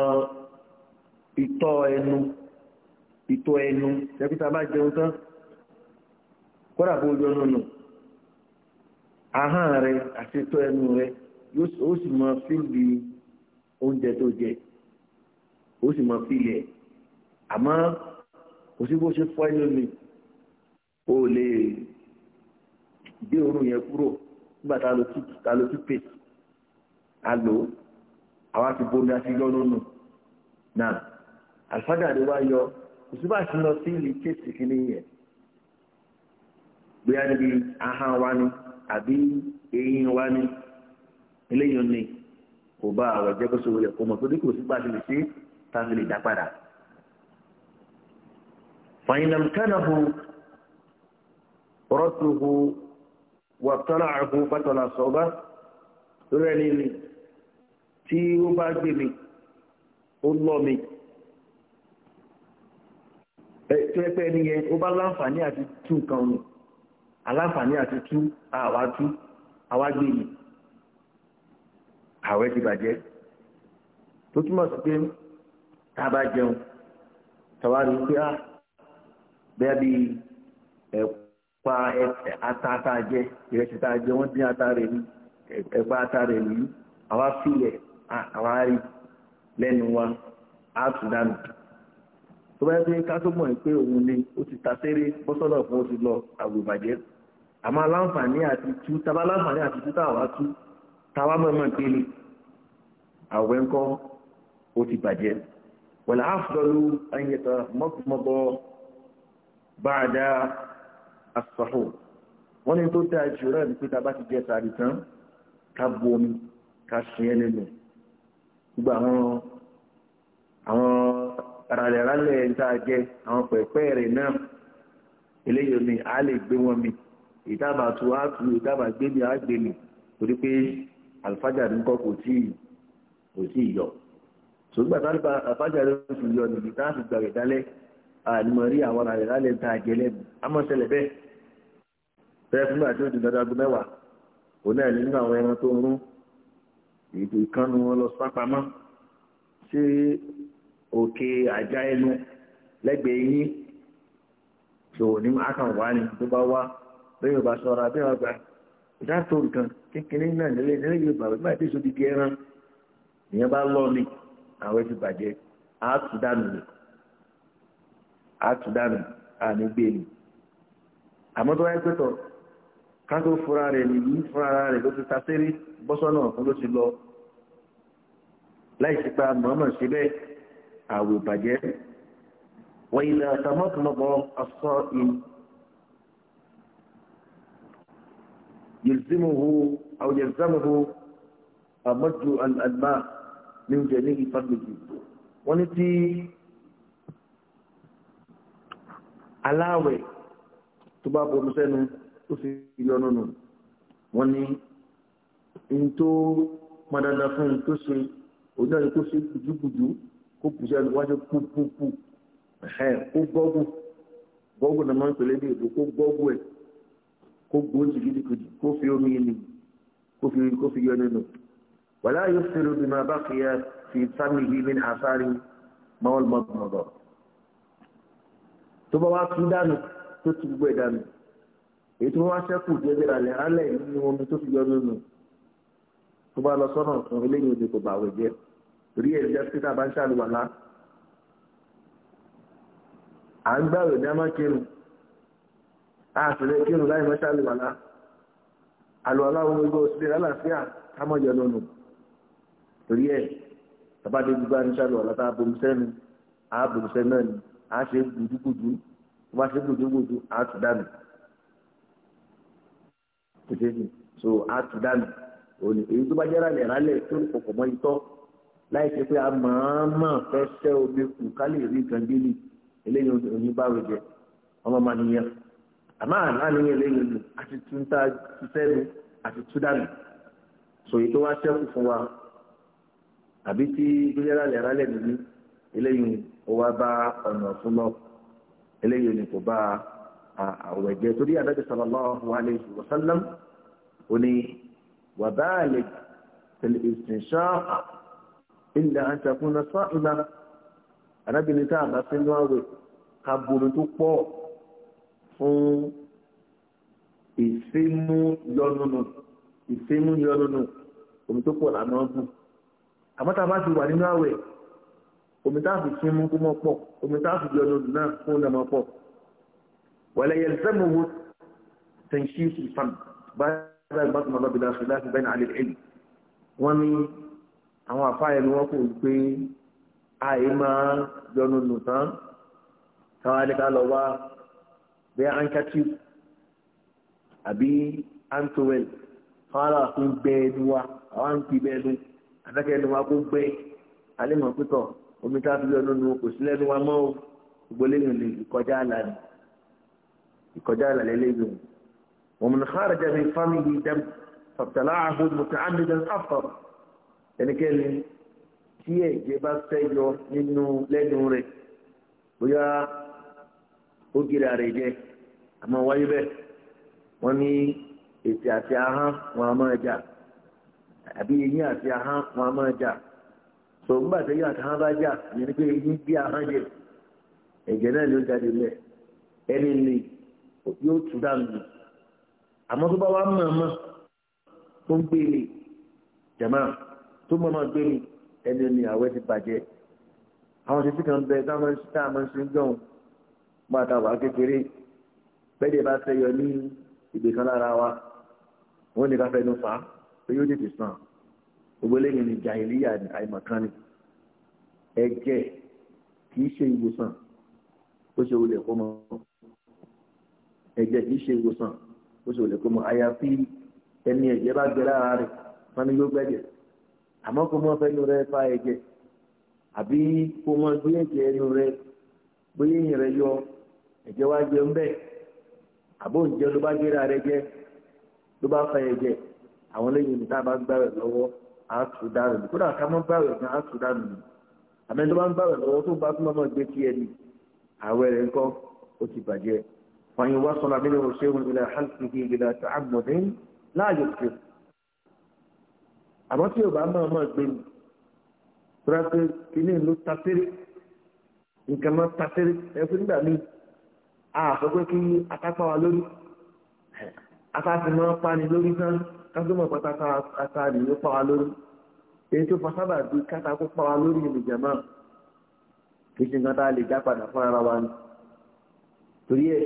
ìtọ́ ẹnu ìtọ́ ẹnu ṣẹ́kítà bá jẹun tán kọ́dà bó jọ nùnù ahọ́n rẹ àti ìtọ́ ẹnu rẹ ó sì fi fíìlì oúnjẹ tó jẹ ó sì mọ fíìlì ẹ̀ àmọ́ kò sí bó ṣe fọ́ ẹnu mi o lè gbé oorun yẹn kúrò nígbà tá a lo toothpaste a lò àlùfáàdà ló wá yọ kò sí bá a ti lọ sí ìlú kéèsì kìíní yẹn bóyá níbi ahọ́n wa ni àbí eyín wa ni eléyìí ni kò bá àwọn ìjẹ́kọ̀sọ wọlé kó mọ̀ tó kò sí bá lè ṣe tá lè dá padà. فإن امكنه رده وابتلعه بطل صوبة lórí ẹni tí ó bá gbé mi ó lọ mi tó yẹ pé ẹni yẹn ó bá láǹfààní àti tú nǹkan ọ̀nà aláǹfààní àti tú àwa tú àwa gbé yìí e. àwẹ̀ ti bàjẹ́ tó túmọ̀ sí pé tá a bá jẹun tàwa rí pé a ah, bẹ́ẹ̀ bí ẹ̀pà ata tá jẹ ìrẹsì tá jẹ wọ́n dín ata rẹ̀ ní ẹ̀pà ata rẹ̀ nìyí àwa filẹ̀ àwa rí lẹ́nu wa á tún dànù tó bá yẹ pé ká tó mọ̀ pé òun ni ó ti ta sẹ́rẹ́ bọ́sọ́dọ̀ fún ó ti lọ àgbòbàjẹ́ àmọ́ aláǹfààní àti tú tábà aláǹfààní àti tú táwa tú táwa mọ̀ọ́mọ̀ pé ni àwẹ̀ ńkọ́ ó ti bàjẹ́ wọ̀lá àfọlù ayẹ̀tọ̀ mọ́kùmọ́bọ báadá asọ̀hù wọ́n ní tó dáa jù náà ní pé tá a bá ti jẹ sàárì tán ká bu omi ká sin ẹ́ lẹ́nu gbogbo àwọn àwọn ràlẹ̀ ràlẹ̀ ń tá a jẹ àwọn pẹ̀pẹ́ rẹ̀ náà eléyìí omi a lè gbé wọn mi ìdábà tu á tu ìdábà gbé mi á gbé mi torí pé àlùfájà ní kọ́ kò tí kò tí ì yọ sògbà tá àlùfájà ló fi yọ nìyí tá a fi gbàgbé dálẹ́ ànímọ̀ rí àwọn ràlẹ̀ ràlẹ̀ ń jẹ lẹ́nu àmọ́ bẹ́ẹ̀ bẹ́ẹ̀ fúngbà tí ó di mẹ́wàá òun náà nínú àwọn ẹran tó ń rún ètò ìkànnì wọn lọ sápamọ́ ṣé oke aja ẹnu lẹ́gbẹ̀ẹ́ yín tó ní akàn wá ní tó bá wá bẹ́ẹ̀ bá sọ̀rọ̀ abẹ́ ọgbà ìdátò nǹkan kékeré náà nílé nílé yóò bàbá bá dé sóbi di ẹran ìyẹn bá lọ ní àwọn ẹtì bàjẹ́ àní gbé ni àmọ́ tó wáyé pẹ́tọ̀ fúra rẹ̀ fúra rẹ̀ ló ti ta àwẹ̀ ìbàjẹ́ wọ́n ilẹ̀ àtàmọ́tòmọ́gbọ́ asọ́ in yìlzímuhu àwòyẹ̀zámuhu àmọ́jú àlùmá ní oúnjẹ ní ìfàgbèjì wọ́n ní tí aláwẹ̀ tó bá bomi sẹ́nu tó fi yọnu nù wọ́n ní n tó pọn dandan fún un tó ṣe òun náà ni kó ṣe gbùdúgbùdú ó kù sẹ́nu wájú púpúpú ẹ̀hẹ́n ó gbọ́gbù gbọ́gbù náà máa ń pèlè ní èdè kó gbọ́gbù ẹ̀ kó gbóòtì gidigidi kó fi omi ni kó fi kó fi yọ nínú. wàlá yóò fèrè bí máa bá kìí fi sámi yìí ní àsárí máwọ́n mọ́tòmọ́tò. tó bá wá tú dànù tó ti gbogbo ẹ̀ dànù èyí tó wá sẹ́kù déédéé rálẹ̀ rálẹ̀ nínú omi tó fi yọ nínú. tó bá lọ sọ́nà ọ̀tún eléyìí ò rí ẹ̀jẹ̀ pé tá a bá ń ṣàlùwàlá à ń gbàwẹ̀ ní àmọ́ kírun a sì lè kírun láì mọ́ ṣàlùwàlá àlùwàlá ohun gbogbo sílẹ̀ lálàáfíà ká mọ̀ yọ lọ́nu torí ẹ̀ bàbá dé gbogbo àní ṣàlùwàlá tá a bomi sẹ́nu a bomi sẹ́nu náà ni a ṣe gbùdúgbùdú wọ́n bá ṣe gbùdúgbùdú a tù dànù tètè so a tù dànù òní èyí tó bá jẹ́ rálẹ̀ rálẹ̀ tó kọ̀kọ̀ mọ́ itọ́ láì ṣe pé a máa máa fẹ́ ṣẹ́ omi kù ká lè rí nǹkan gbélé eléyìí òyìn bá rò jẹ ọmọ máa nìyẹn àmọ́ àná ni eléyìí lò àti tún tá a ti sẹ́nu àti tún dànù sòyí tó wá ṣẹ́kù fún wa àbí tí gbéyàrá lẹ̀ rálẹ̀ nìyí eléyìí ó bá ọ̀nà fún lọ eléyìí ni kò bá àwọ̀ ẹ̀jẹ̀ torí Ànábì sallallahu alayhi wa sallam ó ní wàbáàlẹ̀ tẹlifíṣàn ìlà àtàkùnà sọ ìlà arábìnrin tá a bá sínú àwẹ̀ ká bomi tó pọ̀ fún ìsínú yọnùnù ìsínú yọnùnù omi tó pọ̀ lànà ọ̀gùn àmọ́ tá a bá ti wà nínú àwẹ̀ omi tá a fi sínú kó mọ́ pọ̀ omi tá fi yọnùnù náà kó nà mọ́ wàlẹ̀ yẹn sẹ́mu wo tẹ̀síìsì fan báyìí bá tún lọ bí láti bẹ́ẹ̀ ní alẹ́ ẹ̀yìn àwọn àfáàyè ni wọ́n kò gbé àyè máa yọnu nù tán táwọn adéka lọ wá bẹ́ẹ̀ handkerchief àbí hand towel táwọn aláwọ̀ fi ń gbẹ ẹnu wa àwọn à ń fi bẹ́ẹ̀ nu àtàkẹ́ ẹnu wa kó gbẹ alẹ́ mọ̀ pé omi tá a fi yọnu nù kò sí lẹ́nu wa mọ́ o gbogbo lẹ́yìn lè ìkọjá àlà ni ìkọjá àlà lẹ́lẹ́yìn o wọ́n mú ní xaarajà mi fámìlì dẹ́m fàtàlá àhùn mùtàmídàn afọ̀rọ̀. ẹnikẹ́ni tí ẹ̀jẹ̀ bá fẹ́ yọ nínú lẹ́nu rẹ̀ bóyá ó gira rẹ̀ jẹ àmọ́ wáyé bẹ́ẹ̀ wọ́n ní ètè àti ahọ́n wọn a máa jà àbí eyín àti ahọ́n wọn a máa jà tó ń bàtẹ yín àti ahọ́n bá jà ìyẹn pé eyín bí ahọ́n jẹ ẹ̀jẹ̀ náà ló jáde lẹ̀ ẹni lè yóò tún dànù àmọ́ tó bá tó mọ́ máa gbé ẹni ní àwẹ̀ ti bàjẹ́ àwọn ṣe kan bẹ táwọn ṣe ń gbọ̀n máa wà kékeré bẹ́ẹ̀ bá fẹ́ ní ìgbè kan lára wa wọ́n ní ká fẹ́ nu fà pé yóò tètè sàn gbogbo eléyìí ni jàìlíyà àìmọ̀kan ni ẹ̀jẹ̀ kì í ṣe ìwòsàn ó ṣe olè kó mọ ẹ̀jẹ̀ kì í ṣe ìwòsàn ó ṣe olè kó mọ àyàfi ẹni ẹ̀jẹ̀ bá gbẹ lára rẹ̀ wọn yóò gbẹ̀jẹ̀ àmọ́ kó mọ́ fẹ́ nu rẹ fa ẹ̀jẹ̀ àbí kó mọ́ gbé ẹ̀jẹ̀ nu rẹ gbé ẹ̀yìn rẹ yọ ẹ̀jẹ̀ wa jẹun bẹ́ẹ̀ ǹjẹ́ ló bá gbéra rẹ jẹ ló bá fa ẹ̀jẹ̀ àwọn lẹ́yìn bá gbá rẹ lọ́wọ́ tù dànù ká bá rẹ gan tù dànù àmọ́ tó bá ń bá rẹ lọ́wọ́ tó bá gbé ní àwẹ̀ rẹ ó ti bàjẹ́ wá sọ àmọ́ tí yorùbá máa máa gbèrú tóra pé kíní ló ta tẹ́rẹ́ nǹkan máa ta tẹ́rẹ́ ẹ̀fọ́ nígbà míì a sọ pé kí atápá wa lórí atáàtì máa pa ni lórí tán kásọmọ pátákà atáàlì ló pa wa lórí èyí tó fasábà di kátákó pa wa lórí ìlìjàmá kì í ṣe nǹkan tá a lè já padà fún ara wa ni torí ẹ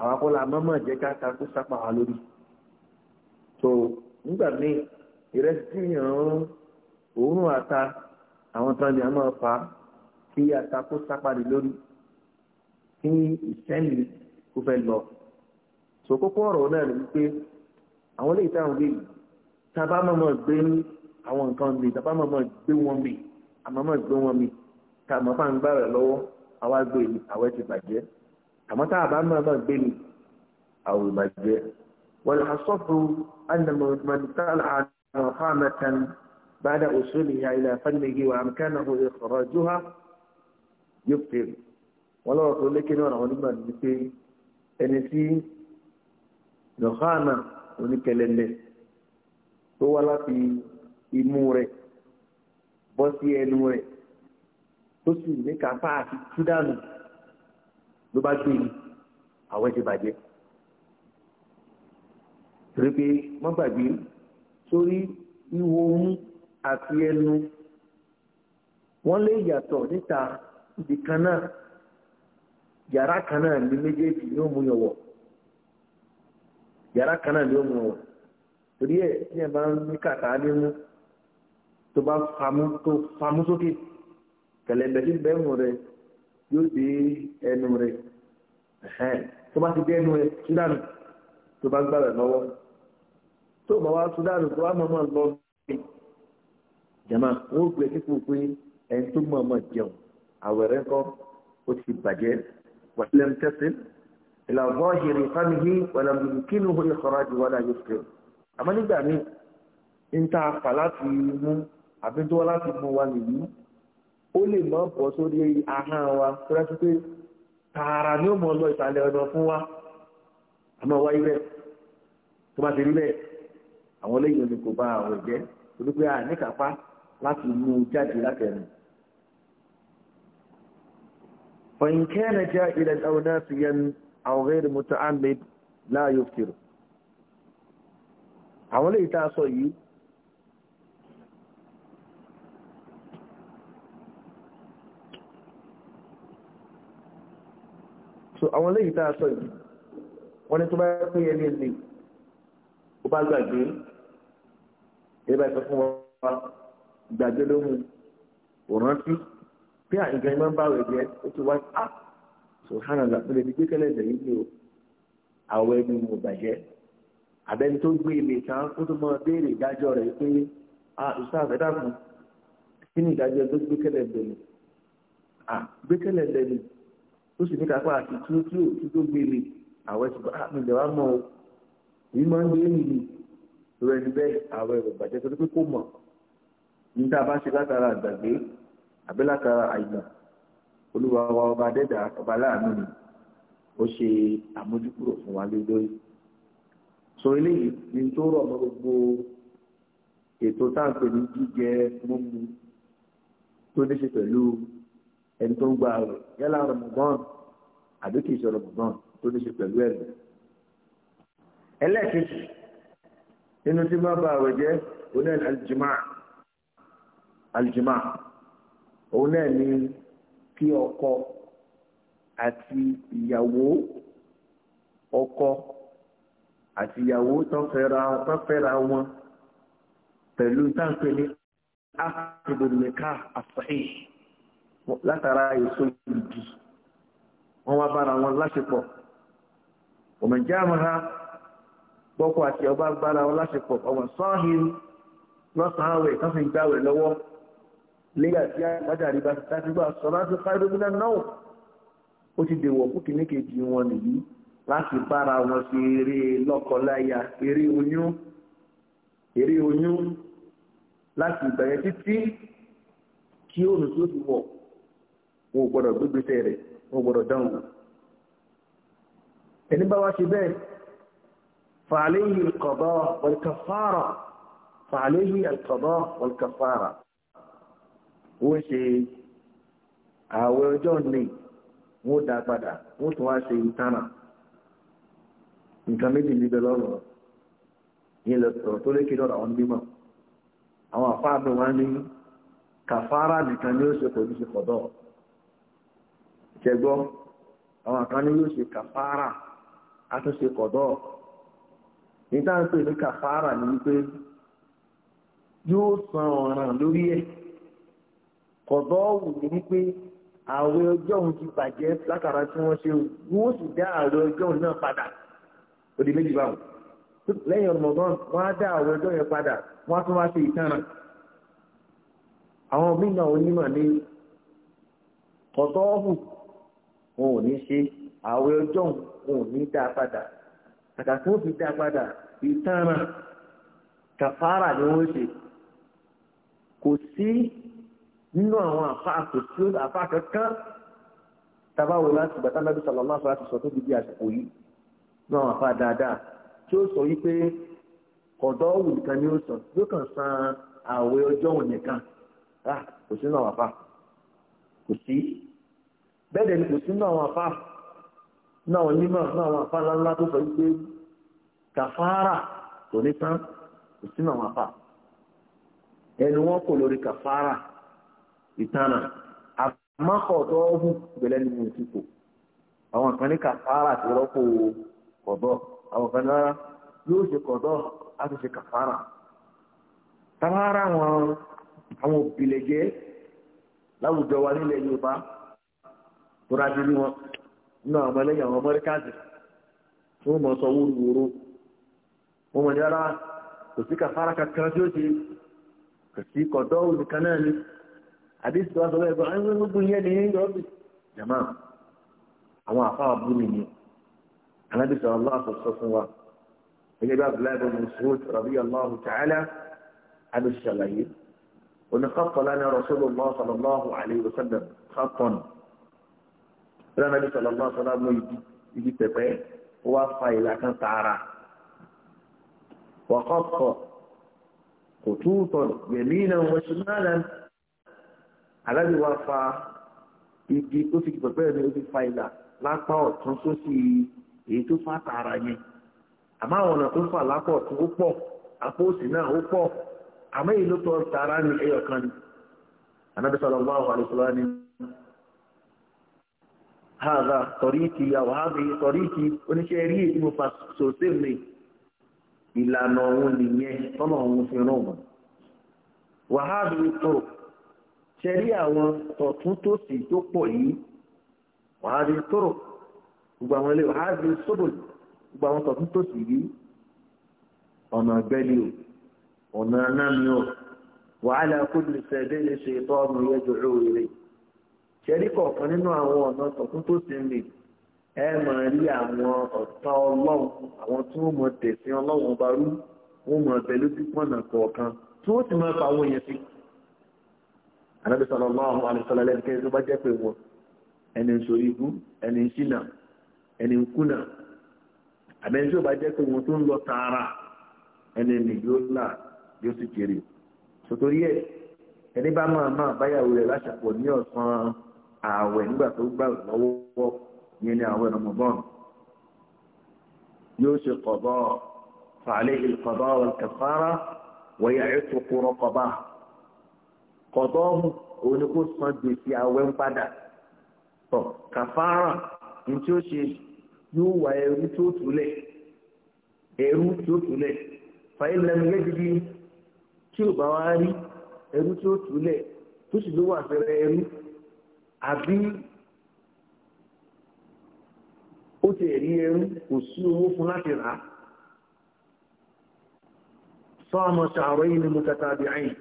àwọn akọ́lá mọ́mọ́ jẹ́ kátákó sápá wa lórí so nígbà míì ìrẹsì tí yàn án òórùn ata àwọn tán ni a máa fa kí ata kó sápàdé lórí kí ìsẹ́yìn kó fẹ́ lọ sọ kókó ọ̀rọ̀ náà ni wípé àwọn eléyìí táwọn gbé yìí tábà mọ̀mọ́ gbé àwọn nǹkan mi tábà mọ̀mọ́ gbé wọn mi àmọ́ mọ̀ gbé wọn mi tá a mọ̀ fáwọn gbà rẹ̀ lọ́wọ́ àwa gbé ni àwẹ̀ ti bàjẹ́ àmọ́ tá a bá mọ̀ mọ̀ gbé ni àwẹ̀ bàjẹ́ wọ́n lè sọ́fù ẹnìmọ̀ ìmọ̀ nìkan رخامة بعد وصولها إلى فمه وأمكانه إخراجها يبطل ولا أقول لك أنا علماء بكي أن في رخامة ونكلل هو لا في إمورة بسي إنورة بسي نكافا في سودان لبعضين أوجه بعدين torí pé torí ihò mú àti ẹnu wọ́n lè yàtọ̀ níta ibì kan náà yàrá kan náà ní méjèèjì yóò mú yọ̀wọ̀ yàrá kan náà yóò mú yọ̀wọ̀ torí ẹ̀ ní ẹ̀ bá ń ní kàtà á tó bá famú tó famú sókè kẹlẹ̀bẹ̀ tí rẹ yóò dé ẹnu rẹ tó bá ti dé ẹnu rẹ sídàánù tó bá gbàgbẹ́ lọ́wọ́ tó bá wá tún dáàrú tó wá mọ̀ mọ̀ lọ sí jama wọn ò gbé kíkú pé ẹni tó mọ̀ mọ̀ jẹun àwẹ̀rẹ̀ kọ́ ó ti bàjẹ́ wàlẹ̀ ń tẹ̀sí ìlà bọ́ọ̀hìrì fámìlì wàlẹ̀ mùkínú ìkọ̀rọ̀ àdìwọ́lá yóò fẹ́ àmọ́ nígbà míì ń ta fà láti mú àbí tó wá láti mú wa nìyí ó lè mọ́ bọ́ sórí ahọ́n wa tó pé tààrà ni ó mọ̀ lọ ìsàlẹ̀ ọ̀dọ̀ fún wa àmọ́ wáyé bẹ́ẹ̀ tó bá ti rí bẹ́ẹ̀ àwọn eléyìí ni kò bá àwẹ̀ jẹ́ torí pé àníkàpá láti mú un jáde látẹnu. فإن كان جائلا أو ناسيا أو غير متعمد لا يفطر àwọn eléyìí tá a sọ yìí so àwọn eléyìí tá a sọ yìí wọ́n ní tó bá pín ẹni lè ó bá gbàgbé ìbá ìsọ fún wa gbàgbé ló mu òrántí bí à nǹkan ìmọ̀ ń bá rẹ̀ jẹ́ ó ti wá á sòhánà làpẹ́ lè fi gbé kẹ́lẹ́ ìdẹ̀ yìí o àwọ̀ ẹni mo bàjẹ́ àbẹ́ni tó gbé ilé kan kó tó mọ béèrè ìdájọ́ rẹ̀ pé a ìṣáà fẹ́ dàkún kí ni ìdájọ́ tó gbé kẹ́lẹ́ ìdẹ̀ mi à gbé kẹ́lẹ́ ìdẹ̀ mi ó sì ní kápá àti tí ó tí ó tó gbé ilé àwọ̀ ah, ẹ̀ torí ẹni bẹ́ẹ̀ ààrẹ rẹ̀ bàjẹ́ torí pé kò mọ̀ ní tá a bá ṣe látara àgbàgbé àbí látara àìmọ̀ olúwa wa ọba dẹ́dà ọba láàánú ni ó ṣe àmójúkúrò fún wa lé lórí sọ eléyìí ní tó rọ̀ mọ́ gbogbo ètò táǹpẹ̀ ní jíjẹ mímu tó ní ṣe pẹ̀lú ẹni tó ń gba rẹ̀ yálà rọmọgán àbí kìí tó ní ṣe pẹ̀lú ẹ̀rọ ẹlẹ́ẹ̀kejì nínú tí máa bá àwẹ̀ jẹ́ òun náà aljimá aljimá òun náà ni kí ọkọ àti ìyàwó ọkọ àti ìyàwó tán fẹ́ra wọn pẹ̀lú táǹpé ní àkùbùnìká àfẹ́yì látara èso ìdí wọn wá bára wọn láṣepọ̀ òmìnira bọ́kọ àti ọba gbára wọn láṣepọ̀ ọ̀wọ̀n sọ́ọ̀hìn lọ́sàn gbáwẹ̀ lọ́wọ́ tí bá ti dájú bá sọ láti káyọ̀ nínú náà ó ti dèwọ̀ fún kìíní wọn nìyí láti bára wọn ṣe eré lọ́kọláya eré oyún eré oyún láti ìbẹ̀rẹ̀ títí kí tó ti wọ̀ wọn ò wọn ò فعليه القضاء والكفارة فعليه القضاء والكفارة هو شيء àwọn ọjọ́ ní wọ́n dá padà wọ́n tún wá ṣe ìtànà nǹkan méjì níbẹ̀ lọ́rọ̀ yìí lọ sọ̀rọ̀ tó lékè lọ́rọ̀ àwọn mímọ̀ àwọn àfáàbí wọn ní kàfárà nìkan ni ó ṣe pẹ̀lú ṣe kọ̀dọ̀ ṣẹgbọ́ àwọn kan ní yóò ṣe kàfárà a tún níta ń pè ní kàfàrà ni wípé yóò san ọ̀ràn lórí ẹ̀ kọ̀dọ̀ wù ní wípé ààwẹ̀ ọjọ́ òun ti bàjẹ́ látara tí wọ́n ṣe wọ́n sì dá ààwẹ̀ ọjọ́ òun náà padà òdì méjì báwọn lẹ́yìn ọmọdún wọ́n á dá ààwẹ̀ ọjọ́ yẹn padà wọ́n á tún wá ṣe ìtanràn àwọn mìíràn onímọ̀ ní kọ̀dọ̀ wù wọn ò ní ṣe ààwẹ̀ ọjọ́ òun ò ní dá padà àtàkì wọn fi dá padà ìtara kàfàrà ni wọn ṣe kò sí nínú àwọn àfáàkùsí àfáàkẹ́kẹ́ tabawo láti gbàtà nàbí sàlọ́mà fún àti sọ tó dìbí àsìkò yìí nínú àwọn àfáà dáadáa tí ó sọ yìí pé ọ̀dọ́ òwú nìkan ni ó sàn yóò kàn san àwẹ̀ ọjọ́ òun nìkan ah, kò sí nínú àwọn àfáà kò sí bẹ́ẹ̀ dẹ̀ ni kò sí nínú àwọn àfáà náà onímọ̀ náà àwọn àfáàlá ńlá tó sọ wípé kàfárà kò ní tán kò sínú àwọn àfà ẹnu wọn kò lórí kàfárà ìtanà àmọ́kọ̀ọ́dọ́ ọ̀hún ìgbẹ́lẹ́ ni mo ti kò àwọn kan ní kàfárà ti rọ́pò kọ̀dọ̀ àwọn kan náà yóò ṣe kọ̀dọ̀ á ti ṣe kàfárà tàbára àwọn àwọn òbílẹ̀jẹ́ láwùjọ wa nílẹ̀ Yorùbá tó rájú ní wọn nínú àwọn ọmọlẹ́yìn àwọn mọ́ríkàtì tí wọ́n mọ̀ sọ wúruwúru wọ́n mọ̀ ní ara kò sí kàfàrà kankan tí ó ṣe kò sí kọ̀dọ́ olùkan náà ni àdéhùn tó wá sọ bẹ́ẹ̀ bọ́ àwọn ẹgbẹ́ gbogbo yẹn ní yọ̀ọ́bì jàmá àwọn àfáà bú nìyẹn anábì sọ aláà sọ sọ fún wa gẹ́gẹ́ bí abdullahi bin musulmi rabi allahu ta'ala abu shalaye oníkàkọ́ lánàá rasulillah sallallahu alayhi wa sallam kàkọ́nù ìlànà bí sọlọ́mọ́ sọlá mú igi igi pẹ̀pẹ́ ó wá fa ìlà kan tààrà wọ́kọ́kọ́ kò túùtọ̀ yẹ̀mí náà wọ́n ṣe náà lẹ́nu aláàbí wa fa igi tó fi pẹ̀pẹ́ mi ó fi fa ìlà lápá ọ̀tún sósì èyí tó fa tààrà yẹn àmọ́ àwọn ọ̀nà tó fà lápá ọ̀tún ó pọ̀ àpò òsì náà ó pọ̀ àmọ́ èyí ló tọ́ tààrà ní ẹyọ kan ni anábì sallallahu alaihi wasallam ni hàdà tọ̀ríkì àwòhàbí tọ̀ríkì oníṣẹ́ rí èyí mo fà sòsè mi ìlànà òun nìyẹn tọ́nà òun fi ràn wọ́n. wàhálà ètò ṣẹ̀rí àwọn tọ̀tún tó sì tó pọ̀ yìí wàhálà ètò gbogbo àwọn ilé wàhálà ètò gbogbo àwọn tọ̀tún tó sì yìí ọ̀nà ìgbẹ́lẹ̀ o ọ̀nà anámi o wàhálà kúndùn sẹ́ẹ̀dẹ́lẹ̀ ṣe tọ́ ọmọ yẹn jòrò rẹ̀ yìí ṣẹ́rí kọ̀ọ̀kan nínú àwọn ọ̀nà tọ̀tún tó sì ń lè ẹ máa rí àwọn ọ̀tá ọlọ́run àwọn tí wọ́n mọ tẹ̀sìn ọlọ́run ọba rú wọ́n mọ ọbẹ̀ lójú pọ̀nà kọ̀ọ̀kan tí wọ́n sì máa fa àwọn èèyàn sí. ànábì sallallahu alaihi wasallam lẹ́nu tó bá jẹ́ pé wọn ẹni ń sori ibú ẹni ń ṣìnà ẹni ń kùnà àbẹ́ni tí bá jẹ́ pé wọn tó ń lọ tààrà ẹni nì yóò là yóò sì jèrè sòtòrí ẹ ẹni bá máa máa báyàwó rẹ̀ láṣàpọ̀ ní ọ̀sán ààwẹ̀ nígbà tó gbà lọ́wọ́ yẹn ni ààwẹ̀ Ramadan yóò ṣe kọ̀bọ̀ fàálẹ̀ ìkọ̀bọ̀ kẹfàárà wọ̀nyà ètò kúrọ̀ kọ̀bà kọ̀bọ̀ òun ni kò san gbèsè ààwẹ̀ ń padà tọ̀ kẹfàárà ní tí ó ṣe yóò wà ẹrú tó túlẹ̀ ẹrú tó túlẹ̀ fàílẹ̀mù lẹ́gbẹ̀ẹ́ tí ò bá wá rí ẹrú tó túlẹ̀ tó sì ló wà fẹ́rẹ́ ẹrú àbí ó ti ẹ̀rí ẹrú kò sí owó fún láti rà á sọ́ọ̀mọ̀ ṣàárọ̀ yìí ni mo tata àbí àyìn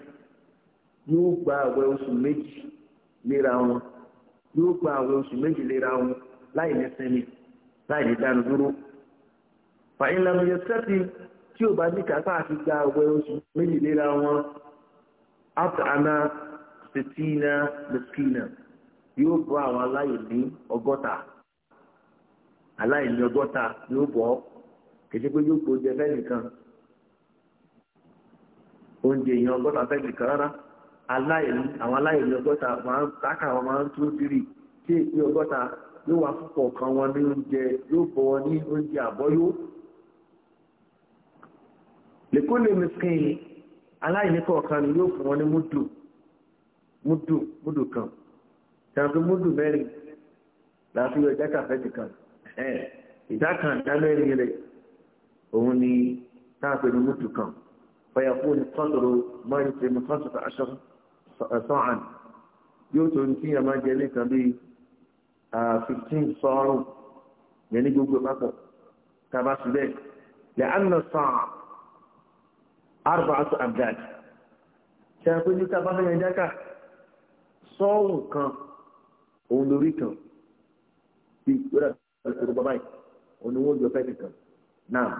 yóò gba àwẹ̀ oṣù méjì léra wọn yóò gba àwẹ̀ oṣù méjì léra wọn láì ní sinmi láì ní dánu dúró fàyínlámi sẹ́tì tí ò bá ní kàtà àti gba àwẹ̀ oṣù méjì léra wọn after ana sitina miskina. yóò bọ́ àwọn aláìní ọgọ́ta aláìní ọgọ́ta yóò bọ́ kìí ṣe pé yóò gbó jẹ fẹ́nìkan oúnjẹ èèyàn ọgọ́ta fẹ́nìkan rárá aláìní àwọn aláìní ọgọ́ta máa ń káka wọn máa ń tún sírì tí èpè ọgọ́ta yóò wá púpọ̀ kan wọn ní ni yóò fún wọn ní múdù múdù tàbí múdù mẹ́rin láti yọ ìdá kàfẹ́tì kan ìdá kan ìdá mẹ́rin rẹ̀ òun ni táàpẹ̀ ní múdù kan fẹ́yà fún ní sọ́dọ̀rọ̀ mọ́rin tẹ̀mú sọ́dọ̀rọ̀ aṣọ sọ́ọ̀n yóò tó ní kíyàn máa jẹ nìkan bíi fifteen sọ́ọ̀rùn yẹn ní gbogbo papọ̀ tàbá síbẹ̀ lẹ́ànà sàn arba'atu abdad ṣe àpéjú tàbá fẹ́yà jákà sọ́ọ̀rùn kan. òun lórí kan bí wọ́n ìṣòro bàbá yìí òun ni jọ nìkan náà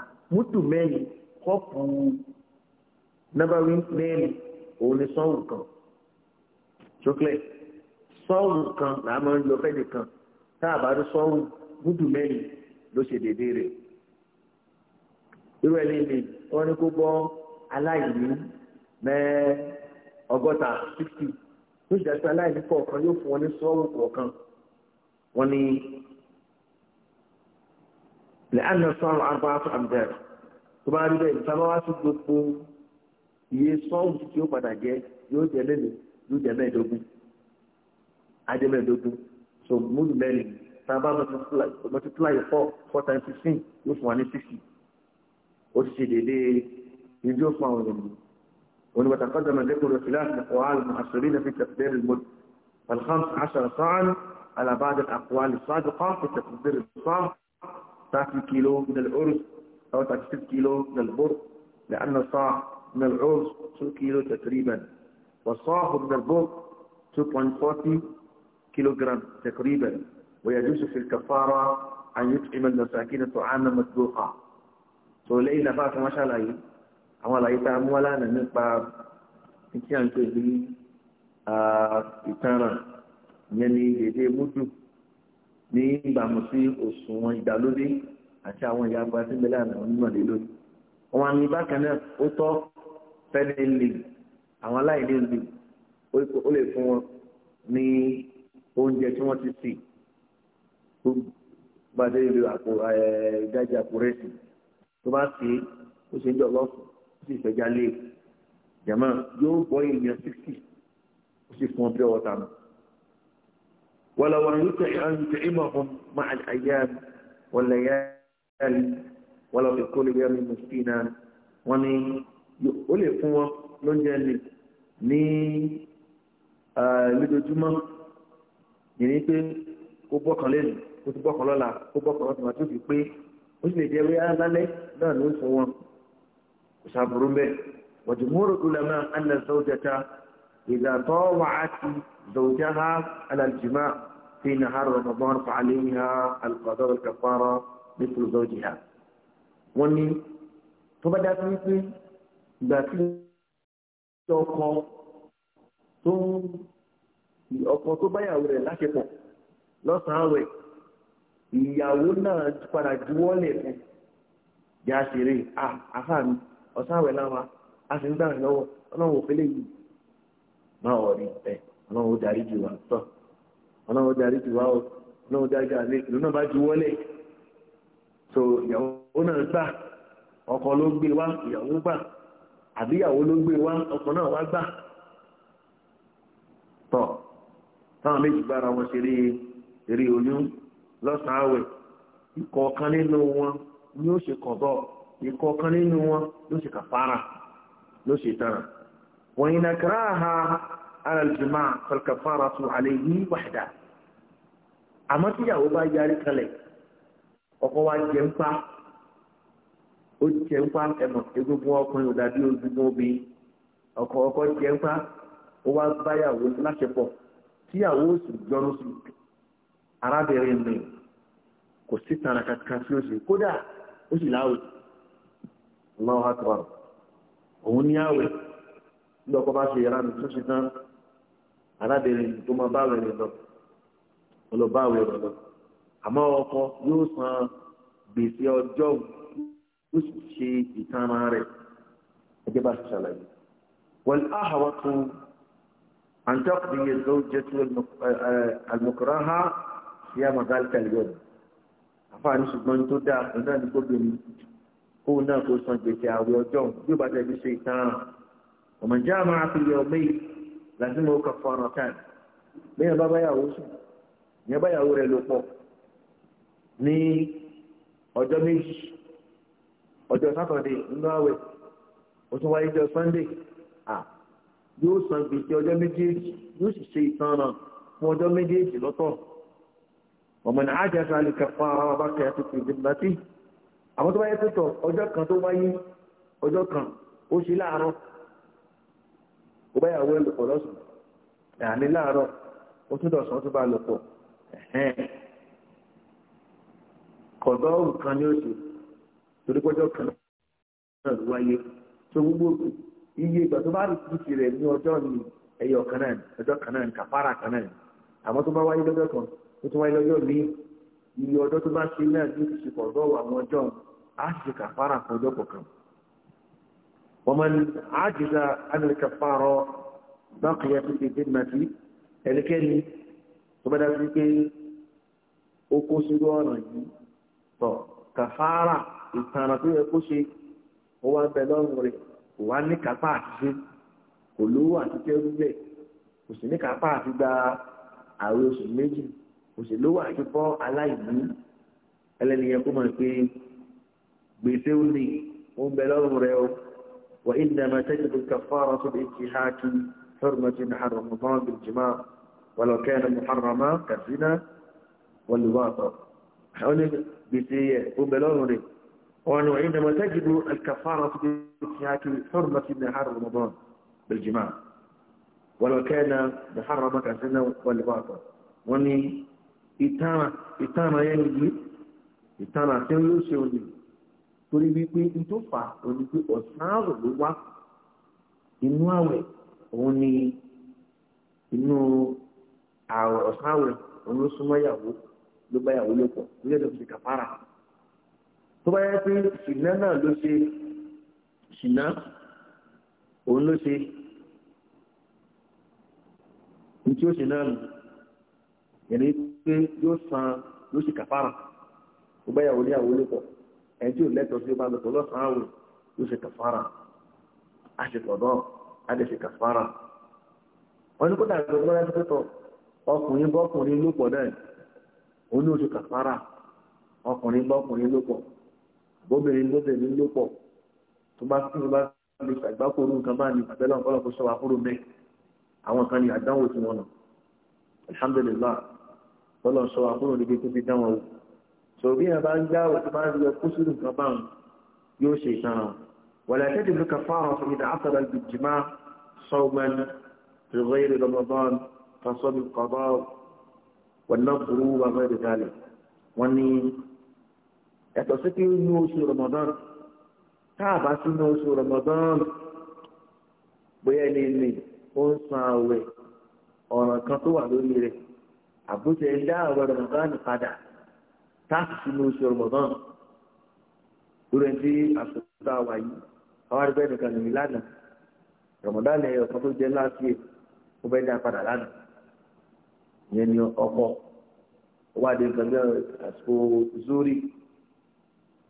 kan chocolate sọ́ọ̀wù kan làá máa ń jọ fẹ́ nìkan tá a bá rí sọ́ọ̀wù mútù mẹ́rin ló ṣe déédéé irú ẹni kó aláìní sixty. tó ṣe àti aláìní kọ̀ọ̀kan yóò fún wọn ní sọ́ọ̀rù kọ̀ọ̀kan wọn ni lẹ́yìn náà sọ́ọ̀rù àgbà fún àbẹ̀rẹ̀ tó bá rí bẹ́ẹ̀ nípa bá wá sí gbogbo iye sọ́ọ̀rù tí ó padà jẹ yóò jẹ mélòó yóò jẹ mẹ́ẹ̀ẹ́dógún ajẹ́ mẹ́ẹ̀ẹ́dógún so múlù mẹ́rin tá a bá multiply four four times sixteen yóò fún wa ní sixty ó ti ṣe déédéé ìdí ó fún àwọn ènìyàn وتقدم ذكر خلاف أقوال المؤثرين في تقدير المد فالخمس عشر صاعا على بعض الأقوال الصادقة في تقدير الصاع 30 كيلو من الأرز أو 36 كيلو من البر لأن الصاع من الأرز 2 كيلو تقريبا والصاع من البر 2.40 كيلو جرام تقريبا ويجوز في الكفارة أن يطعم المساكين طعاما مسبوقا. So ليلة فاتوا ما شاء الله àwọn àlàyé tá a mú wá lánàá nípa tí à ń pè ní ìtanràn ìyẹn ní èdè múdù ní ìbámu sí òṣùwọ̀n ìdálódé àti àwọn ìyá àgbà tí mẹ́lẹ́ àná onímọ̀lẹ́ lórí. wọn ní bákan náà ó tọ́ fẹ́lẹ́ lè àwọn aláìní lè ó lè fún wọn ní oúnjẹ tí wọ́n ti sè tó bá dé ìlú àpò ìdájà àpò tó bá sè é ó ṣe ń jọ lọ́sùn sì fẹjá lé jama yóò bọ́ èèyàn sixty ó sì fún ọbẹ̀ ọ̀tá mi. wàlàwà yóò tẹ̀ ẹ́ tẹ̀ ẹ́ mọ̀ fún máa àyà wọlé yá yáli wàlàwà ìkólé yá mi mọ̀ sí náà wọ́n ní ó lè fún wọn lóúnjẹ lè ní lójoojúmọ́ yìí pé kó bọ́kàn lẹ́nu kó ti bọ́kàn lọ́la kó bọ́kàn lọ́tùmọ̀ tó fi pé ó sì lè jẹ́ wíyá lálẹ́ náà ló ń fún wọn kò sábúrú mbẹ wàjúmúrò ulama anna zawjata idha tawa'ati zawjaha ala al-jima' fi nahar ramadan fa alayha al-qada wal-kafara mithlu zawjiha wọ́n ní tó bá dá sí pé ìgbà tí ọkọ tó ń ọkọ tó báyàwó rẹ̀ láṣepọ̀ lọ́sàn-án rẹ̀ ìyàwó náà padà juwọ́lẹ̀ fún yà á ṣeré ah, àfáà mi ọ̀sán àwẹ̀ láwa a sì ń gbà lọ́wọ́ ọlọ́run ò fẹ́lẹ́ yìí máa wọ̀ ní ẹ̀ ọlọ́run ó darí jù wá tọ̀ ọlọ́run ó darí jù wá o ọlọ́run ó darí jù àlẹ́ ìlú náà bá ju wọlé so ìyàwó náà gbà ọkọ ló gbé wá ìyàwó gbà àbíyàwó ló gbé wá ọkọ náà wá gbà tọ̀ táwọn méjì bára wọn ṣeré eré oyún lọ́sàn-án àwẹ̀ ikọ̀ kan nínú wọn ni ó ṣe kọ̀ bọ́ọ̀. ìkọ̀ọ̀kan nínú wọn ló kàfàrà ló tara wọ̀nyí na kàrà ha alàlùjùmá kàfàrà tún àlẹ́ yìí wàdà àmọ́ tíyàwó bá yarí kalẹ̀ ọkọ wa jẹ́ ń pa ó jẹ́ ń pa ẹ̀mọ̀ egungun ọkùnrin ò dàbí ojúmọ́ obìnrin ọkọ ọkọ jẹ́ ó wá báyàwó sì sí arábìnrin mi kò sí kankan tí ó kódà ó sì láwùjọ. Allahu akbar òun ní àwẹ̀ bí ọkọ bá ṣe yàrá mi tó ṣe tán arábìnrin tó máa bá àwẹ̀ rẹ̀ lọ ọlọ́ba àwẹ̀ rẹ̀ lọ àmọ́ ọkọ yóò san gbèsè ọjọ́ ó sì ṣe ìtara rẹ̀ ẹgbẹ́ bá ṣe ṣàlàyé. wọ́n áhàwá tún àǹtàkùn iye lóúnjẹ tó àlùmọ̀kọ́rá ha sí àmàgálítà lẹ́yìn àfáàní ṣùgbọ́n tó dáa ọ̀dọ́ àdúgbò bẹ̀rẹ̀ kóun náà kó san gbèsè àwẹ̀ ọjọ́ bí ó bá tẹ̀lé ṣe ìtàn ọmọ ìjà máa fi yọ mí láti mọ ọkọ̀ fọ́nrán kan lẹ́yìn bá báyàwó sùn ìyẹn báyàwó rẹ̀ ló pọ̀ ní ọjọ́ méjì ọjọ́ sátọ̀dé nínú àwẹ̀ ó tún wáyé jọ sànńdé à yóò san gbèsè ọjọ́ méjèèjì yóò sì ṣe ìtàn náà fún ọjọ́ méjèèjì lọ́tọ̀ ọmọ ní àjẹsà lè kẹfà ara wa bá kẹ́ ẹ́ tó àwọn tó bá yẹ pé tọ ọjọ́ kan tó wáyé ọjọ́ kan ó ṣe láàárọ̀ ó bá yàwó ẹlòpọ̀ lọ́sùn àní láàárọ̀ ó tún dọ̀sán tó bá lòpọ̀ kọ̀dọ̀ nǹkan ni ó ṣe torí pọ́jọ́ kan náà ló wáyé tó gbogbo iye ìgbà tó bá rí títì rẹ̀ ní ọjọ́ ni ẹyọ kan náà ọjọ́ kan náà kàfàrà kan náà àmọ́ tó bá wáyé lọ́jọ́ kan ó tún wáyé lọ́jọ́ míì iye ọjọ́ tó bá ṣe náà ló ti ṣe pọ̀ lọ́wọ́ àwọn ọjọ́ á sì kàfàrà fún ọjọ́ kọ̀ọ̀kan. wọ́n máa ń àjùdá amẹ́ríkà fáàrọ̀ bákìyà tó ti dé nàbí ẹnikẹ́ni tó bá dájú pé ó kó sínú ọ̀ràn yìí tọ̀ kàfàrà ìtànà tó yẹ kó ṣe ó wá bẹ lọ́rùn rẹ̀ kò wá ní kápá àṣìṣe kò lówó àti kẹrù bẹ́ẹ̀ kò sì ní kápá àti gba àwọn oṣù méjì òṣèlú wà kíkọ́ aláìní ẹlẹ́nìyẹn kó mọ̀ pé gbèsè ó lè ó ń bẹ lọ́rùn rẹ o wà ìdàmà tẹ́jọ́ kàfàrà tó to bẹ ti ha kí fẹ́rùmọ́tì ní àrùnmọ́ bìjìmá wàlọ́kẹ́ ní muharrama kàfínà wàlúwàtọ̀ ní gbèsè yẹ ó ń bẹ lọ́rùn rẹ وأن وعندما تجد الكفارة بانتهاك حرمة النهار رمضان بالجماع ولو كان محرمة كسنة والباطل وأن ìtara ìtara yẹn ni ìtara tí ó ṣe òní torí wípé tó òní pé ọ̀sán àrò ló wá inú àwẹ̀ òun ni inú ọ̀sán àwẹ̀ òun ló súnmọ́ ìyàwó ló bá ìyàwó lò pọ̀ fi kàfàrà tó bá yẹ pé ṣìnà ìní pé yóò san yóò ṣe kàfàrà ó bá yàwó ní àwọn olùkọ́ ẹni tí ò lẹ́tọ̀ọ́ sí ó bá lọ́tọ̀ lọ́sàn-án àwẹ̀ yóò ṣe kàfàrà a ṣe tọ̀dọ̀ a lè ṣe kàfàrà wọn ní kó dàgbà tó lọ́dọ̀ tó tọ̀ ọkùnrin bọ́kùnrin ló pọ̀ náà òun ní oṣù kàfàrà ọkùnrin bọ́kùnrin ló pọ̀ bóbìnrin lóbìnrin ló pọ̀ tó bá tó bá lè ṣàgbákòrò nǹkan bá ní àbẹ́lẹ́ ọ̀pọ̀lọpọ̀ sọ wà kúrò mẹ́ àwọn kan ní àdánwò tí wọ́n nà alhamdulillah tọ́lọ̀ sọ àkúrò níbi tó fi dán wọn wò sòbí yẹn bá ń gbá òtí bá ń lọ kó sínú nǹkan báwọn yóò ṣe ìtàn àwọn wàlẹ̀ àtẹ́tì ló kàfà àwọn ọ̀sán ìdá àtàlà ìgbìjìmá sọ́gbọ́n ìrọ̀yẹ̀rẹ̀ lọ́mọdán fasọ́bì kọ́bọ́ wọ̀nà burú wà mọ́ ìdíkàlẹ̀ wọ́n ní ẹ̀tọ́ sí pé inú oṣù rọmọdán tá a bá sínú oṣù rọmọdán bóyá ní ní ó ń san àwẹ̀ ọ̀ràn kan tó wà lórí rẹ̀ àbúté dá àwọn rọmọdán padà táàkì sínú oṣù rọmọdán lórí ẹni tí àsopọ̀ tá a wà yìí àwọn arúgbó ẹnìkan nìyí lánàá rọmọdán ẹ̀yọ̀ kan tó jẹ́ láti ẹ̀ ó bẹ́ẹ̀ dá padà lánàá ìyẹn ni ọkọ̀ wá dé nǹkan bí àsopọ̀ zórí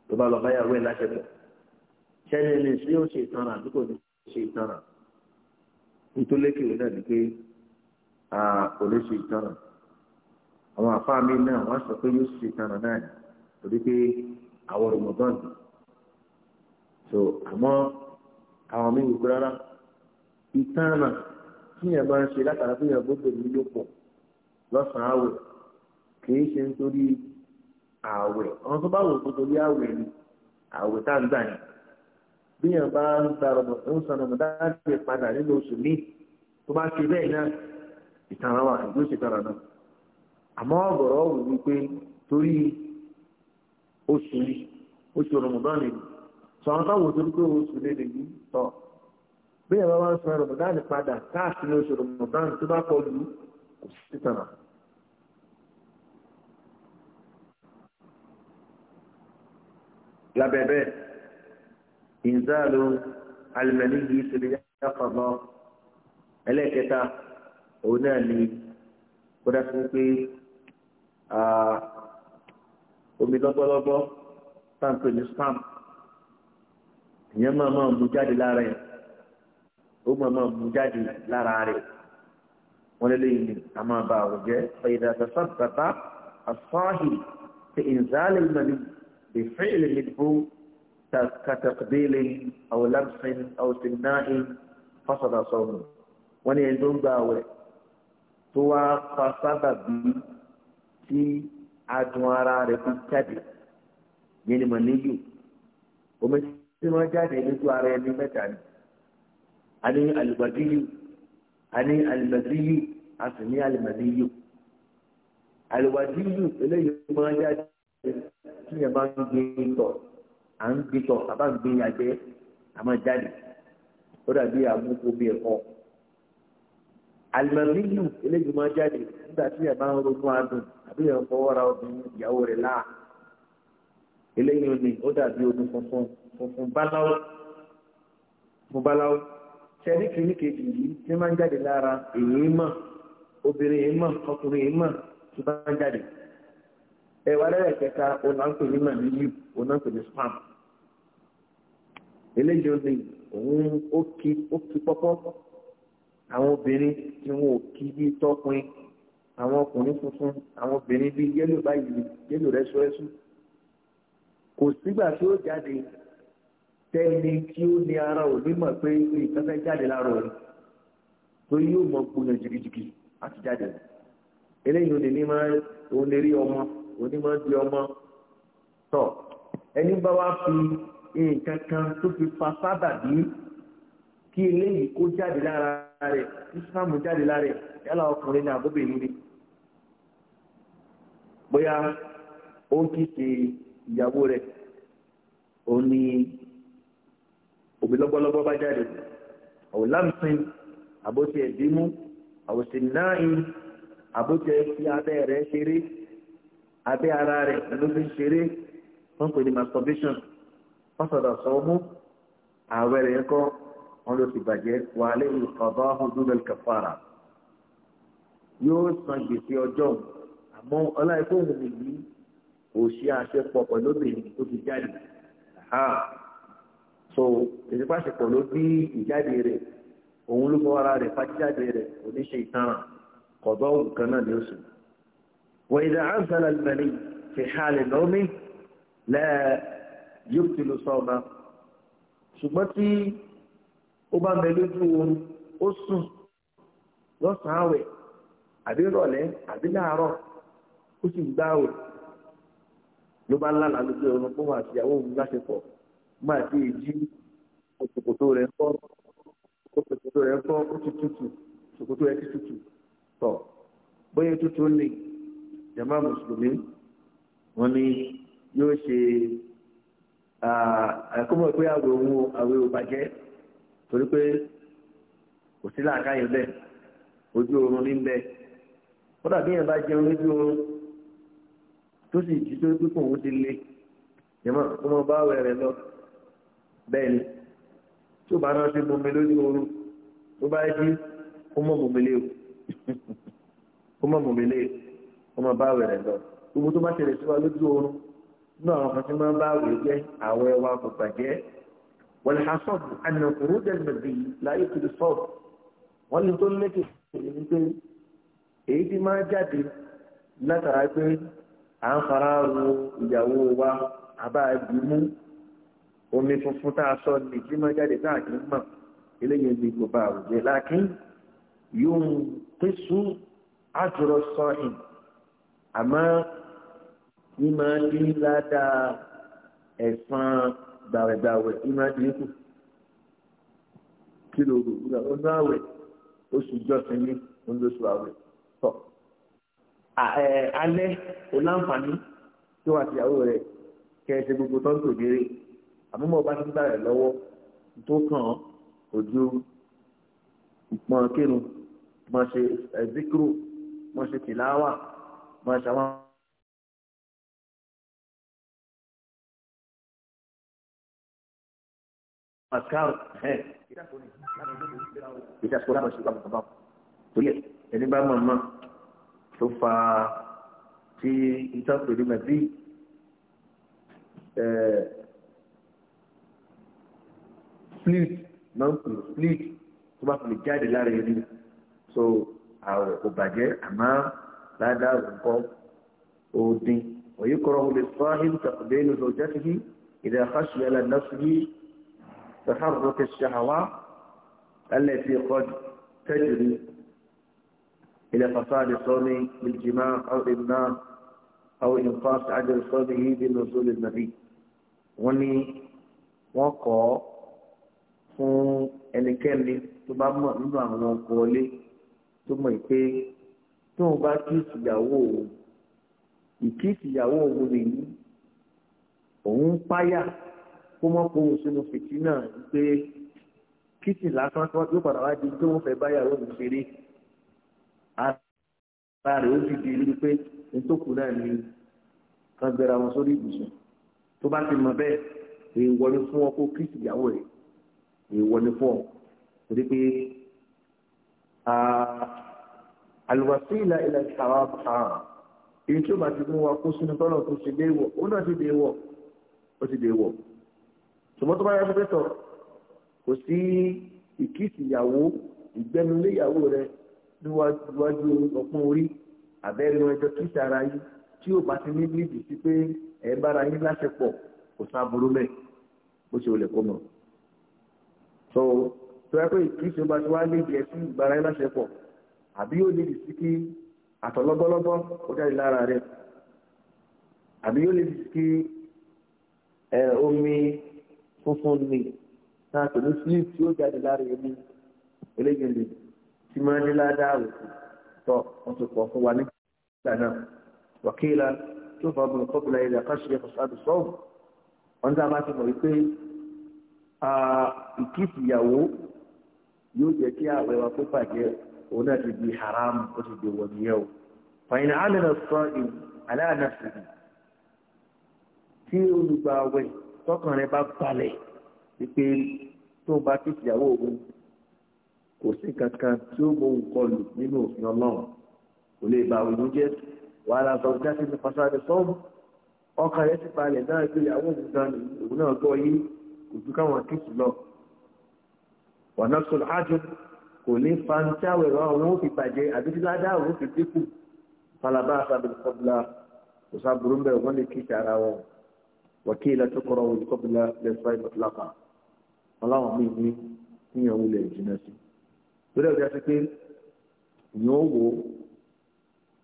ló bá lọ báyàwó ẹ̀ láṣẹ pọ̀ sẹ́ni sí ó ṣe ìtanràn àdúgbò ní ṣe ìtanràn nítorí lékèwé náà ni pé kò ṣe ìtanràn àwọn àfáàmì náà wọ́n sọ pé yóò ṣe tànà náà ni torí pé àwọn rìmọ̀dán ni so àmọ́ àwọn mi wùkú rárá ìtànà tí yẹn bá ń ṣe látara pé yẹn gbọ́dọ̀ ní ló pọ̀ lọ́sàn-án àwẹ̀ kìí ṣe nítorí àwẹ̀ àwọn tó bá wò ó torí àwẹ̀ ni àwẹ̀ tá ń gbà yẹn bí bá ń gba ọmọ tó ń san ọmọ dáadáa padà nínú oṣù míì tó bá ṣe bẹ́ẹ̀ náà ìtànà wà ló ṣe tànà náà àmọ́ ọ̀gọ̀rọ̀ wù wípé torí oṣù yìí oṣù rọmọdán ni sọ̀rọ̀ táwọn òṣèlú pé oṣù lè lè yí tọ̀ bí ìyàwó wa ń sọ rọmọdán padà káàkiri oṣù rọmọdán tó bá kọ lù kò sí tànà. lábẹ́ bẹ́ẹ̀ ìnzáàlú yìí ti lè yàtọ̀ lọ ẹlẹ́ẹ̀kẹta òun náà ni kó dá sí pé omi lọ́gbọ́lọ́gbọ́ táǹpé ní spam ìyẹn máa máa mú jáde lára yẹn ó máa máa mú jáde lára rẹ̀ wọ́n lé lẹ́yìn ní a máa bá àwọn jẹ́ fẹ̀yìntì àtàtà bàbá àfáàhì ti ìnzálẹ̀ ìmọ̀lẹ́ بفعل منه كتقبيل أو لمس أو سماء فسد صومه wọ́n ní ẹni tó ń gba àwẹ̀ tó wá fa sábàbí tí adùn ara rẹ̀ fi jáde yẹn mọ̀ níyù omi tí wọ́n jáde lójú ara ẹni mẹ́ta ni a ní alùbàdíyù a ní alùmàdíyù a sì ní alùmàdíyù alùbàdíyù eléyìí máa jáde tí yẹn bá ń gbé tọ̀ à ń gbé tọ̀ àbá ń gbé yàgbẹ́ àmọ́ jáde ó dàbí àmúkú bí ẹ̀kọ́ alùmàdíyù eléyìí máa jáde nígbà tí yẹn bá ń ronú adùn. àbí yẹn fọwọ́ ra obìnrin ìyàwó rẹ̀ láà eléyìí ó dàbí omi funfun funfun báláwo funfun báláwo ṣẹ́ni kìíní kejì yìí tí máa ń jáde lára èyí mọ̀ obìnrin yìí mọ̀ ọkùnrin yìí mọ̀ tí bá ń jáde ẹ̀wà rẹ̀ kẹta onáńpẹ̀ ní níyù onáńpẹ̀ ní spam eléyìí òun ó kí pọ́pọ́ àwọn obìnrin tí wọn ò kí bí tọ́pin àwọn ọkùnrin funfun àwọn obìnrin bíi yélò báyìí yélò rẹ́súrẹ́sú kò sígbà tí ó jáde tẹ́ni tí ó ní ara ò ní mọ̀ pé nǹkan fẹ́ jáde lára rẹ̀ torí yóò mọ gbóná jìgìjìgì láti jáde eléyìí òní ní máa òun rí ọmọ òní máa di ọmọ tọ ẹni bá wá fi nǹkan kan tó fi fa sábà bí kí eléyìí kó jáde lára rẹ̀ kí sáàmù jáde lára rẹ̀ yálà ọkùnrin ní àbóbìnrin ni bóyá ó ń kí ṣe ìyàwó rẹ̀ ó ní òbí lọ́gbọ́lọ́gbọ́ bá jáde àwọn lámsìn àbótí ẹ̀dínmú àwòsí náàyìn àbótí ẹ̀fí abẹ́ rẹ̀ ṣeré abẹ́ ara rẹ̀ ló fi ń ṣeré wọ́n pè ní masturbation wọ́n sọ̀dọ̀ sọ mú ààwẹ̀ rẹ̀ kọ́ wọn ló ti bàjẹ́ wà lẹ́yìn ọ̀dọ́ ọ̀hún dúró kẹfàrà yóò san gbèsè ọjọ́ òun àmọ́ ọláìkóhùn mi yìí kò ṣe àṣepọ̀ pẹ̀lú obìnrin tó ti jáde so ìdípàṣepọ̀ ló bí ìjáde rẹ̀ òun ló fọwọ́ ara rẹ̀ fàjíjáde rẹ̀ oníṣe ìtaràn kọ̀dọ̀ nǹkan náà ni ó sùn. وإذا عزل المني في حال النوم لا يبطل صومه ṣùgbọ́n tí ó bá bẹ lójú oorun ó sùn lọ́sàn-án àwẹ̀ àbí rọ̀lẹ́ àbí láàárọ̀ ó sì gbá àwẹ̀ ló bá lálàá lójú ọ̀run pé wọ́n àti ìyàwó òun láṣepọ̀ máa ti èjì òṣòkòtò rẹ̀ fọ́ òṣòkòtò rẹ̀ fọ́ ó ti tútù òṣòkòtò rẹ̀ ti tútù tọ̀ bóyá tútù ní jama mùsùlùmí wọ́n ní yóò ṣe àkómọ̀ pé àwẹ̀ òun àwẹ̀ ò bàjẹ́ torí pé kò sí làákàyè bẹ́ẹ̀ ojú oorun ní bẹ́ẹ̀ kódà bí yẹn bá jẹun lójú oorun tó sì jí tó pé kò ń ti lé jẹmọ kó mọ bá wẹ rẹ lọ bẹ́ẹ̀ ni tó bá náà ti bomi lójú ooru tó bá jí kó mọ bomi lé o kó mọ bomi lé kó mọ bá wẹ rẹ lọ gbogbo tó bá ṣẹlẹ̀ sí wa lójú oorun náà àwọn kan ti máa bá wẹ jẹ àwọ̀ ẹwà kò bàjẹ́ wọ́n lè hasọ́ àná kúrú dẹ́gbẹ̀dì láyé kiri sọ́ọ̀bù wọ́n lè tó lékè èyí ti máa jáde látara pé à ń fara ro ìyàwó wa àbá bímú omi funfun tá a sọ ní kí mọ́ jáde tá a kì í mọ̀ eléyìí ní kò bá àwùjẹ lákín yóò ń pèsè àjọrọ sọ́yìn àmọ́ ìmọ̀ ní ẹ̀sán gbàwẹ̀gbàwẹ̀ ìmọ̀ dínkù kí ló rò ó náà wẹ̀ oṣù jọ́sìn ní oṣù àwẹ̀ alẹ́ oláǹfààní tó wà síyàwó rẹ̀ kẹsẹ̀ gbogbo tó ń tòdéré àmúmọ̀ ọba ti ń gbà rẹ̀ lọ́wọ́ tó kàn ojú ìpọn kírun máa ṣe ẹ̀díkúrò máa ṣe tìláwà máa ṣàwọn. àkàrò ẹ̀ ìdásíkò láti ṣe ìgbà mọ̀tàn báwọn torí ẹ̀ ẹni bá mọ̀ mọ́ tó fa tí ìtàkùn ní mẹ́bí split máa ń pè split tó bá fi jáde lára ẹni so àwọ̀ kò bàjẹ́ àmọ́ ládàá òǹkọ́ òdin òye kọ́ra olè fáhìm tàkùnbẹ́ ní ọjọ́ jáde إذا خشي على نفسه تحرك الشهوات التي قد تجري إلى فساد صومه بالجماع أو إمناع أو إنقاص عدد صومه بنزول النبي وني وقع fún ẹnikẹ́ni tó bá mọ̀ nínú àwọn ọkọ̀ ọlé tó mọ̀ pé tóun bá kíìsì ìyàwó òun ìkíìsì ìyàwó òun nìyí òun páyà kó mọ́ kó o sínú fìtínà wípé kíìsì lásán yóò padà wá di tó wọ́n fẹ́ báyàwó òun ṣeré ara rẹ̀ ó sì di rí pé nítòkù náà ni kan gbéra wọn sórí ibùsùn tó bá ti mọ bẹ́ẹ̀ èèwọ̀ ni fún ọ kó kíìsì ìyàwó rẹ̀ èèwọ̀ ni fún ọ torí pé àlùwàsílà ilẹ̀ ìtàwà àrùn èyí tí ó bá ti mú wa kó sínú tọ́lọ̀ tó ṣe dé ìwọ̀ ó náà ti dé ìwọ̀ ó ti dé ìwọ̀ ṣùgbọ́n tó bá yá pẹ́pẹ́tọ̀ kò sí ìkíìsì ìyàwó ìgbẹ́nulé ìyàwó rẹ̀ níwájú ọpọ́n orí àbẹ́ẹ̀nu ẹjọ́ kí sara yín tí ò bá ti ní níbi sí pé ẹ̀ bára yín láṣepọ̀ kò sá burú mẹ́ bó ṣe olè kó mọ̀. so tó yẹ pé kí ṣe bá ti wá lédi ẹ sí ìbára yín láṣepọ̀ àbí yóò lédi sí kí àtọ̀lọ́gbọ́lọ́gbọ́ ó jáde lára rẹ̀ àbí yóò lédi sí kí omi funfun ni náà pẹ̀lú sílíì tí ó jáde lára ẹ̀mí eléyìí lè tí máa ń dé ládàá òkú tọ́ wọ́n ti pọ̀ fún wa nígbà náà wàkílà tó fà bọ̀ kọ́bùlà ilẹ̀ àkáṣe ọ̀sáàdù sọ́ọ̀bù wọ́n tá a bá ti mọ̀ wípé ìkíìtì ìyàwó yóò jẹ́ kí ààwẹ̀ wa kó bàjẹ́ òun náà ti di haram ó ti di wọ̀nyẹ́ o fàyìn àmìnà sọ tí olùgbàwẹ̀ tọkàn rẹ bá balẹ̀ wípé tó bá kíìtì ìyàwó òun kò sí kankan tí ó mú nkọlù nínú òfin ọlọ́run kò lè bá òun jẹ́ wàhálà sọ jáde ní pàṣẹ sọ́ọ̀mù ọkàn rẹ̀ ti balẹ̀ náà gbé ìyàwó òun dání òun náà gbọ́ yé kò ju káwọn kéèkì lọ. ọ̀nà sọ̀rọ̀ ájú kò ní fantáwẹ̀ rán òun ó fi bàjẹ́ àbí dídá òun ó fi dínkù falaba sábẹ̀ kọ́bùlà kò sábúrú ń bẹ̀ wọ́n lè kéèkì ara wọn wàkílà tó kọ́ra òun kọ́bùlà lẹ́sọ̀ ìmọ̀tìlápà ọlọ́run mi ní níyàwó lẹ̀ jìnnà sí i torí ọjà sí pé ìyẹn ó wò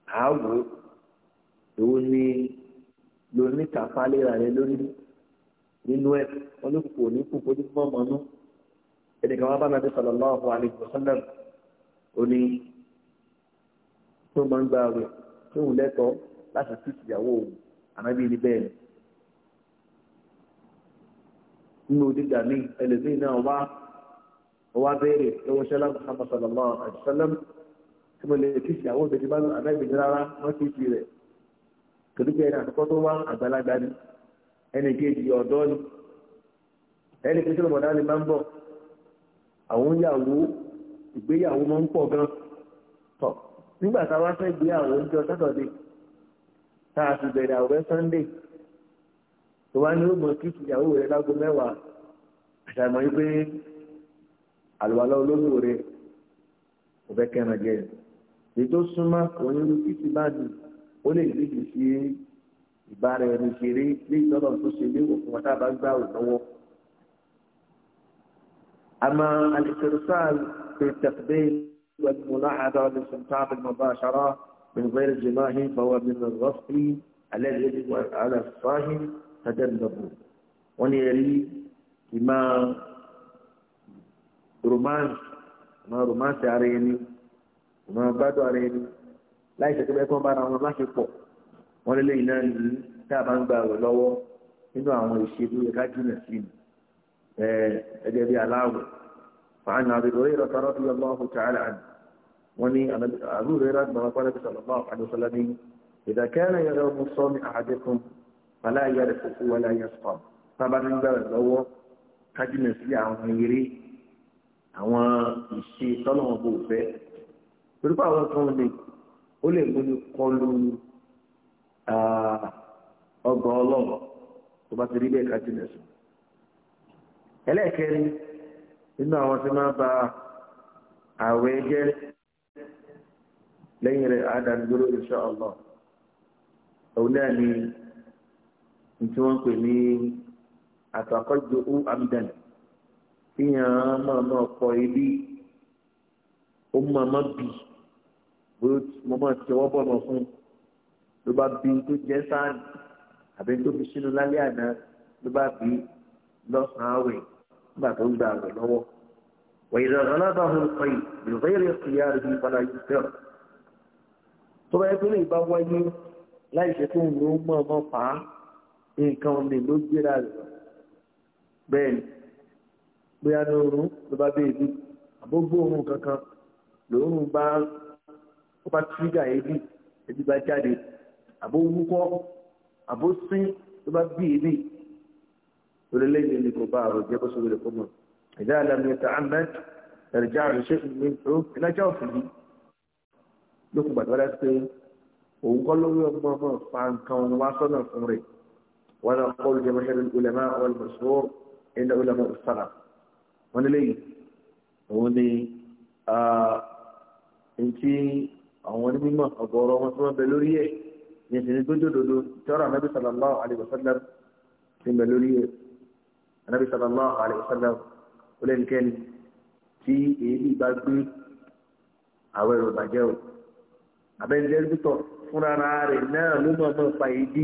á wò èwo ni lóní kàfálẹ́ra rẹ lórí nínú ẹ̀ wọn ló kò ní kú fojú fún ọmọ náà ẹnìkan wọn bá nàbí sallallahu alaihi wasallam ó ní tó máa ń gba àwẹ̀ tó ń lẹ́tọ̀ọ́ láti tú ìyàwó òun ànábì ní bẹ́ẹ̀ nínú dídà míì ẹlẹ́mìí náà wá wá béèrè lọ́wọ́ sẹ́lá muhammad sallallahu alayhi wa sallam tí mo lè kí sí àwọn obìnrin bá aláìbí rárá wọ́n ti fi rẹ̀ torí pé ẹni àkọ́kọ́ tó wá àgbàlagbà ni ẹni kejì ọ̀dọ́ ni ẹni kejì ọ̀dọ́ ni máa ń bọ̀ àwọn ìyàwó ìgbéyàwó máa ń pọ̀ gan tọ̀ nígbà tá a wá fẹ́ gbé àwọn oúnjẹ sátọ̀dé tá a sì bẹ̀rẹ̀ àwẹ̀ sànńdé tó wá ní ó mọ kí ìyàwó rẹ̀ lágbo mẹ́wàá àṣàmọ́ yìí pé àlùwàlá olóṣòre kò fẹ́ kẹran jẹ ètò súnmọ́ onírú títí bá dùn ó lè dídì sí ìbára ẹni ṣeré lé ìtọ́lọ̀ tó ṣe léwọ̀ fún wọn tá a bá gbà ò lọ́wọ́. àmọ́ alìsirsáàl fi tẹ̀síbẹ́ ìgbàlùmọ́lá àdá ọ̀lẹ́sìntà àbẹ̀mọ̀báṣárá bẹ̀rẹ̀ jìmáhì fọwọ́ bẹ̀rẹ̀ rọ́fì alẹ́ ìlẹ́dìgbọ̀n alẹ́ fáhìn tàdé romance ọmọ romance ara ẹni ọmọ gbádùn ara ẹni láì ṣe pé ẹkọ́ bára wọn láṣepọ̀ wọn lé lẹ́yìn náà yìí tá a bá ń gba rẹ̀ lọ́wọ́ nínú àwọn ìṣe tó yẹ ká jìnà sí i ẹgẹ́ bí aláwọ̀ fàánà àbẹ̀dọ̀rẹ́ ìrọ̀tàrọ̀ bí ọmọ ọkọ̀ tààlà àná wọn ní àbúrò rẹ̀ rádìmọ̀ wọn pàdé sọ̀rọ̀ bá ọ̀pá lọ́sọ̀lá ní ìdàkẹ́rẹ́ yẹn lọ́wọ́ sọ́mi àhàdẹ́kùn fàlàyé rẹ̀ fòfú wọlé ayé sọ̀rọ̀ tá a bá ń gba rẹ̀ lọ́wọ́ ká jìnà sí àwọn eré àwọn ìṣe tọ́nà wọn kò fẹ́ torí pé àwọn kan lè ó lè múni kọlu ọgbọ̀n ọlọ́run tó bá ti rí bẹ́ẹ̀ ká jìnà sùn. ẹlẹ́ẹ̀kẹrin nínú àwọn tí máa ba ààwẹ̀ jẹ́ lẹ́yìn rẹ̀ àdánidúró insha Allah òun náà ni tí wọ́n ń pè ní àtàkọ́jọ́ ó àmì kéèyàn máa máa kọ ilé ó máa máa bì bóyá mo máa tẹwọ́ bọ̀ mọ́ fún un ló bá bí tó jẹ́ sáàdì àbí tó fi sínú lálẹ́ àná ló bá bí lọ́sàn-án àwẹ̀ nígbà tó ń gba àwẹ̀ lọ́wọ́. وإذا غلبه القيء بغير اختياره فلا يفطر tó bá yẹ pé lè bá wáyé láì ṣe tó ń lo mọ́ ọmọ pa á nǹkan ọ̀nà bóyá ní oorun ló bá bẹ èébì àbógbó oorun kankan lòórùn bá ó bá tírígà èébì èébì bá jáde àbó wúkọ́ àbó sín ló bá bí èébì orílẹ̀-èdè ni kò bá àrò jẹ́ bó sọ̀rọ̀ kó mọ̀ ẹ̀dá àlàmì ẹ̀ta ahmed ẹ̀rẹ̀já àrùṣẹ́ ìgbìmọ̀ ìlàjà òfin yìí lókun gbàgbọ́dá pé òun kọ́ lórí ọmọ ọmọ fa nǹkan wá sọ́nà fún rẹ̀ wọn kọ́ olùjẹ́mọ́ṣẹ́ olùmọ̀ ṣòro ẹ̀dá olùmọ̀ ìsàlà wọ́n lé lẹ́yìn òun ni ẹni tí àwọn onímọ̀ ọ̀gọ̀ọ̀rọ̀ wọn tí wọ́n bẹ lórí ẹ̀ ní ẹ̀sìn ní gbójódodo tọ́rọ anábì sallallahu alaihi wasallam ti bẹ lórí ẹ̀ anábì sallallahu alaihi wasallam ó lẹ́nikẹ́ni tí èébì bá gbé àwọn ẹ̀rọ ìbàjẹ́ o abẹ́lẹ́ dúpọ̀ fúnra rẹ̀ náà ló mọ̀ mọ́ fa èébì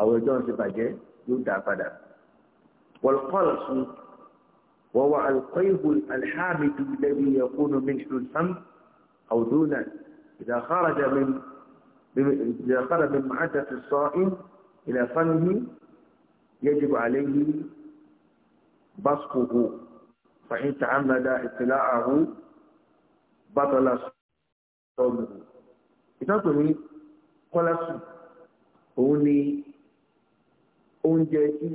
àwọn ẹjọ́ ń ṣe bàjẹ́ yóò dá padà wọ́n kọ́ وهو القيب الحامد الذي يكون من الفم أو دونه إذا خرج من إذا خرج من معدة الصائم إلى فمه يجب عليه بصقه فإن تعمد اطلاعه بطل صومه ìtọ́tòmí قلص òun ni oúnjẹ tí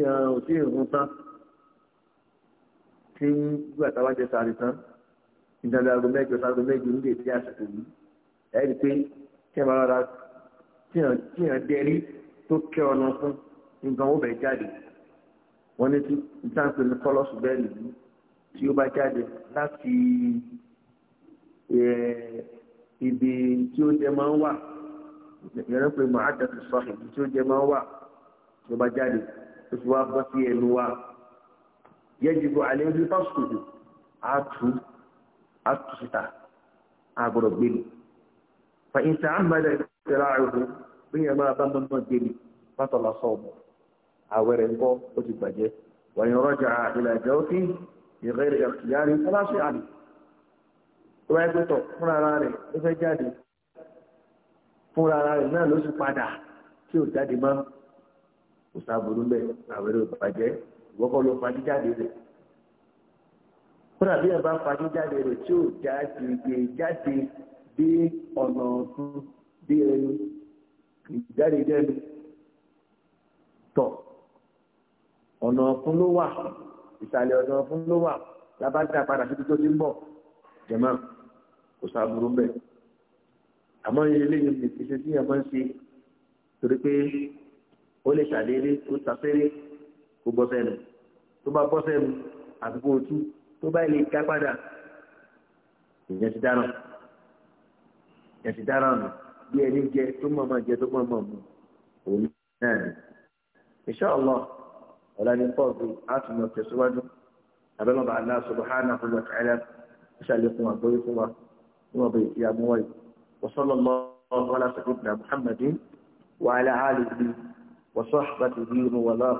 a tí nígbà táwọn jẹ sáré tán ìdájọ́ aago mẹ́jọ sáago mẹ́jọ ń lè dé àsìkò yìí ẹ̀ rí i pé kí ẹ máa rárá tí yàn dẹ́rí tó kẹ́ ọ̀nà fún nǹkan ó bẹ̀ jáde wọ́n ní tí ìtàǹpẹ̀ ní kọ́lọ́sù bẹ́ẹ̀ lè yí tí ó bá jáde láti ibi tí ó jẹ máa ń wà yẹn pé màá jẹ́ tó sọ̀rọ̀ ibi tí ó jẹ máa ń wà tí ó bá jáde tó fi wá bọ́ sí ẹnu wa yẹjibu àlejò fásitì àtú àtú síta àgbọ̀dọ̀ gbẹ̀mí fa ìta àmàlẹ̀ ìṣẹ̀lá àrùn bí yẹn máa bá mọ́mọ́ gbẹ̀mí fátọ́lá sọ́ọ̀bù àwẹ̀rẹ̀ ńkọ́ ó ti bàjẹ́ wọ̀nyí rọ́jà ìlàjẹ́ òfin ìrẹ́rẹ́ ìyáàrí fọláṣí àlè tó bá yẹ pé tọ̀ fúnra ara rẹ̀ ló fẹ́ jáde fúnra ara rẹ̀ náà ló sì padà tí wọ́kọ́ ló fagi jáde rẹ̀ kódà bí ẹ̀ bá fagi jáde rẹ̀ tí ò jáde gbé jáde dé ọ̀nà ọ̀tún dé ẹnu kì í jáde dẹ́nu tọ̀ ọ̀nà ọ̀fun ló wà ìsàlẹ̀ ọ̀nà ọ̀fun ló wà lábàdà padà síbi tó ti ń bọ̀ jẹ̀mọ́ kò sáàbùrú bẹ́ẹ̀ àmọ́ eléyìí ní ìṣesí ẹ̀ máa ń ṣe torí pé ó lè ṣàdédé ó ṣàfẹ́rẹ́ kó bọ́ sẹ́nu tó bá bọ́ sẹ́nu àdúgbò tú tó bá ilé dá padà ìyẹn ti dáná ìyẹn ti dáná nù bí ẹni jẹ tó mọ̀ máa jẹ tó mọ̀ mọ̀ mu òun náà ni. insha Allah ọ̀la ni pọ́ọ̀bù àtúnmọ̀ tẹ̀síwájú abẹ́lọ́ba Allah subhanahu wa ta'ala ìṣàlékún àgbóyé fún wa níwọ̀n bẹ̀rẹ̀ tí a mú wáyé. وصلى الله على سيدنا محمد وعلى آله وصحبه ومن والاه